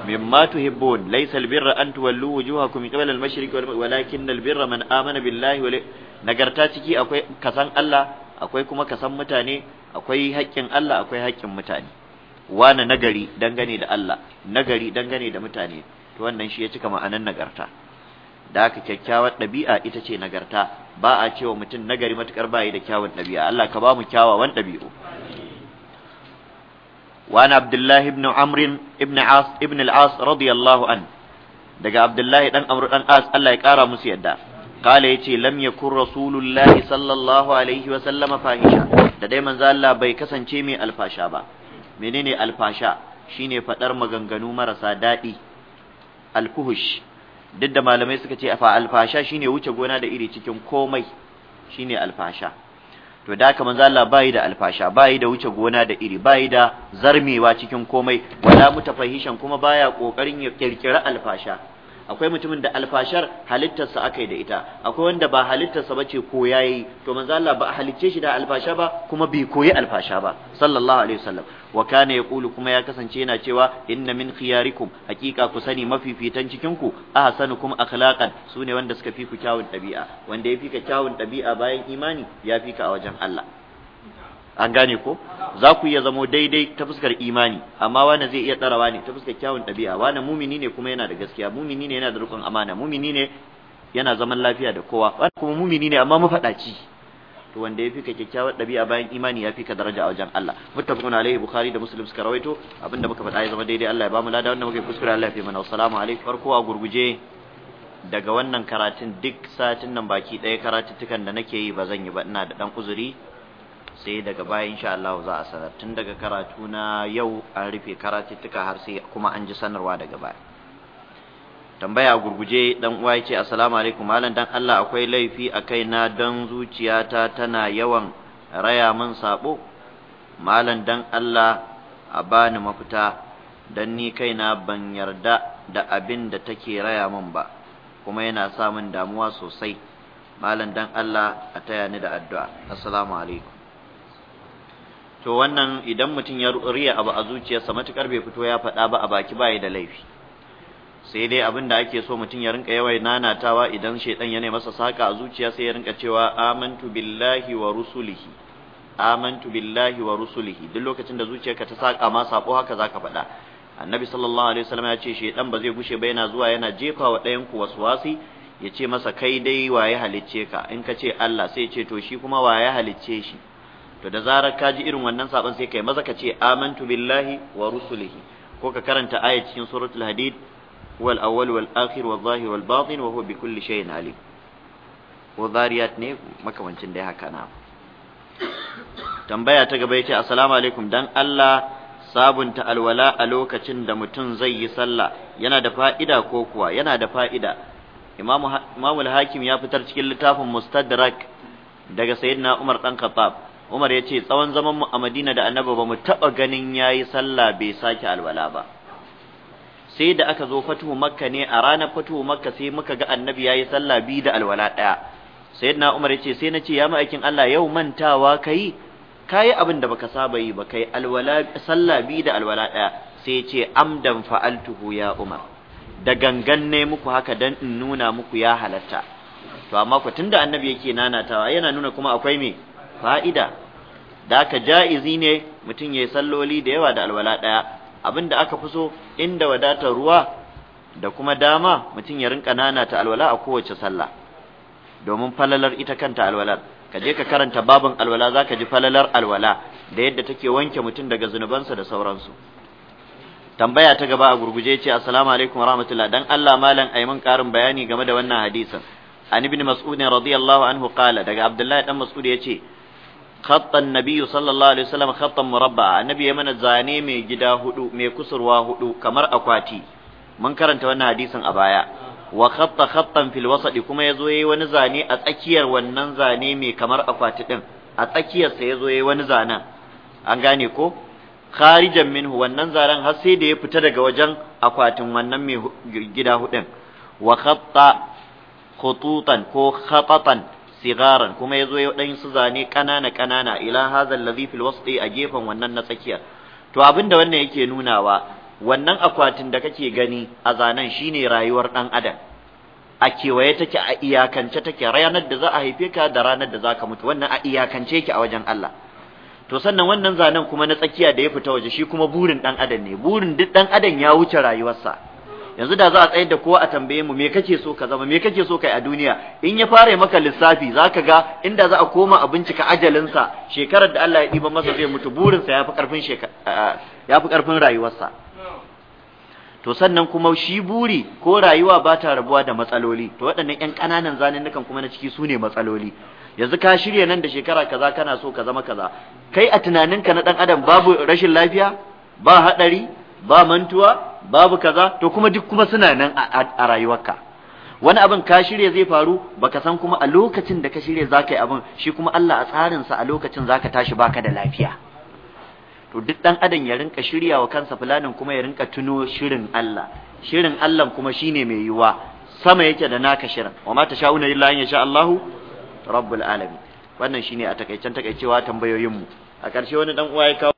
mimma tuhibbun laysa birra, an tuwallu wujuhakum qibla al-mashriqi walakin birra man amana billahi wal nagarta ciki akwai kasan Allah akwai kuma kasan mutane akwai haƙƙin Allah akwai haƙƙin mutane wani nagari dangane da Allah nagari dangane da mutane to wannan shi ya cika ma'anan nagarta da haka kyakkyawar ɗabi'a ita ce nagarta ba a cewa mutum nagari matukar bayi da kyawun ɗabi'a Allah ka ba kyawawan ɗabi'u وعن عبد الله بن عمرو بن عاص ابن العاص رضي daga Abdullahi dan Amr dan As Allah ya kara musu yadda kala yace lam yakun rasulullahi sallallahu alaihi wa sallama fahisha da dai manzo bai kasance mai alfasha ba menene alfasha shine faɗar maganganu marasa daɗi. alfuhush duk da malamai suka ce fa alfasha shine wuce gona da iri cikin komai shine alfasha to da kaman manzo Allah bai da alfasha bai da wuce gona da iri bai da zarmewa cikin komai wala mutafahishan kuma baya kokarin ya kirkira alfasha akwai mutumin da alfashar halittarsa aka yi da ita akwai wanda ba halittarsa ce ko ya yayi to manzo Allah ba halicce shi da alfasha ba kuma bai koyi alfasha ba sallallahu alaihi wasallam wa kana yaqulu kuma ya kasance yana cewa inna min khiyarikum hakika ku sani mafifitan cikin ku ahsanukum akhlaqan sune wanda suka fi ku kyawun dabi'a wanda ya fi ka kyawun dabi'a bayan imani ya fi ka a wajen Allah an gane ko za ku iya zamo daidai ta fuskar imani amma wani zai iya tsarawa ne ta fuskar kyawun ɗabi'a wani mumini ne kuma yana da gaskiya mumini ne yana da rukun amana mumini ne yana zaman lafiya da kowa wani kuma mumini ne amma mafaɗaci to wanda ya fi ka kyakkyawar ɗabi'a bayan imani ya fi ka daraja a wajen Allah muttafaqun alaihi bukhari da muslim suka rawaito abinda muka faɗa ya zama daidai Allah ya bamu lada wanda muka fuskura Allah ya fi mana assalamu alaikum farko a gurguje daga wannan karatun duk satin nan baki ɗaya karatuttukan da nake yi ba zan yi ba ina da ɗan uzuri sai daga baya insha Allah za a sanar tun daga karatu na yau an rufe karatuttuka har sai kuma an ji sanarwa daga baya tambaya gurguje dan uwa yace assalamu alaikum malam dan Allah akwai laifi a kaina dan zuciyata tana yawan raya min sabo malam dan Allah a bani mafita dan ni kaina ban yarda da abin da take raya min ba kuma yana sa samun damuwa sosai malam dan Allah a taya ni da addu'a assalamu alaikum to wannan idan mutum ya riya abu a zuciyarsa matukar bai fito ya faɗa ba a baki bai da laifi sai dai abin da ake so mutum ya rinka yawai nanatawa idan shaidan ya masa saka a zuciya sai ya rinka cewa amantu billahi wa rusulihi amantu billahi wa rusulihi duk lokacin da zuciyarka ta saka ma sako haka zaka faɗa annabi sallallahu alaihi wasallam ya ce shaidan ba zai gushe ba yana zuwa yana jefa wa ɗayan ku waswasi ya ce masa kai dai waye halicce ka in ka ce Allah sai ce to shi kuma waye halicce shi to da zarar ka ji irin wannan saban sai kai maza ka ce amantu billahi wa rusulihi ko ka karanta aya cikin suratul hadid huwal awwal wal akhir wal zahir wal batin wa huwa bi kulli shay'in alim ko zariyat ne makamancin dai haka na tambaya ta gaba yace assalamu alaikum dan Allah sabunta alwala a lokacin da mutum zai yi sallah yana da fa'ida ko kuwa yana da fa'ida imamu hakim ya fitar cikin littafin mustadrak daga sayyidina umar dan khattab Umar ya ce tsawon zaman mu a Madina da Annabi ba mu taba ganin yayi sallah bai sake alwala ba sai da aka zo fatuhu makka ne a ranar fatuhu makka sai muka ga annabi yayi sallah bi da alwala daya sayyidina umar yace sai na ce ya ma'aikin Allah yau mantawa kai kayi abin da baka saba yi ba kai alwala sallah bi da alwala daya sai ce amdan fa'altuhu ya umar da gangan ne muku haka dan in nuna muku ya halatta to amma ku tunda annabi yake nanatawa yana nuna kuma akwai me fa'ida da aka ja'izi ne mutum ya yi salloli da yawa da alwala ɗaya abin da aka fi so inda wadatar ruwa da kuma dama mutum ya rinka nana ta alwala a kowace sallah domin falalar ita kanta alwalar ka je ka karanta babin alwala za ka ji falalar alwala da yadda take wanke mutum daga zunubansa da sauransu tambaya ta gaba a gurguje ce assalamu alaikum wa rahmatullah dan Allah malam aiman mun karin bayani game da wannan hadisin an ibn mas'ud radiyallahu anhu kala daga abdullahi dan mas'ud ce. خط النبي صلى الله عليه وسلم خطا مربعا النبي يمن زاني mai جدا هدو مي كسروا هدو كمر اكواتي من karanta wannan hadisin a baya wa khatta khattan fil wasat kuma yazo yayi wani zane a tsakiyar wannan zane mai kamar akwati din a tsakiyar sa yazo yayi wani zanen an gane ko kharijan minhu wannan zaren har sai da ya fita daga wajen akwatin wannan mai gida hudin wa khatta khututan ko khatatan sigaran kuma ya zo ya ɗan su zane ƙanana ƙanana ila hazal ladhi fil wasti a gefen wannan na tsakiyar to abin da wannan yake nunawa wannan akwatin da kake gani a zanen shine rayuwar ɗan adam a kewaye take a iyakance take ranar da za a haife ka da ranar da za ka mutu wannan a iyakance yake a wajen Allah to sannan wannan zanen kuma na tsakiya da ya fita waje shi kuma burin ɗan adam ne burin duk ɗan adam ya wuce rayuwarsa yanzu da za a tsayar da kowa a tambaye mu me kake so ka zama me kake so kai a duniya in ya fara maka lissafi zaka ga inda za a koma a bincika ajalinsa shekarar da Allah ya diba masa zai mutu burinsa yafi karfin eh, yafi karfin rayuwarsa to sannan kuma shi buri ko rayuwa ba ta rabuwa da matsaloli to waɗannan ƴan ƙananan zanennukan kuma na ciki su ne matsaloli yanzu ka shirya nan da shekara kaza kana so ka zama kaza kai a tunaninka na ɗan adam babu rashin lafiya ba haɗari ba mantuwa babu kaza to kuma duk kuma suna nan a rayuwarka wani abin ka shirya zai faru baka san kuma a lokacin da ka shirya zaka yi abin shi kuma Allah a tsarinsa a lokacin zaka tashi baka da lafiya to duk dan adam ya rinka shirya wa kansa fulanin kuma ya rinka tuno shirin Allah shirin Allah kuma shine mai yiwuwa sama yake da naka shirin wa ma tashauna illa an yasha Allahu rabbul alamin wannan shine a takaicen takaicewa tambayoyin mu a ƙarshe wani dan uwa ya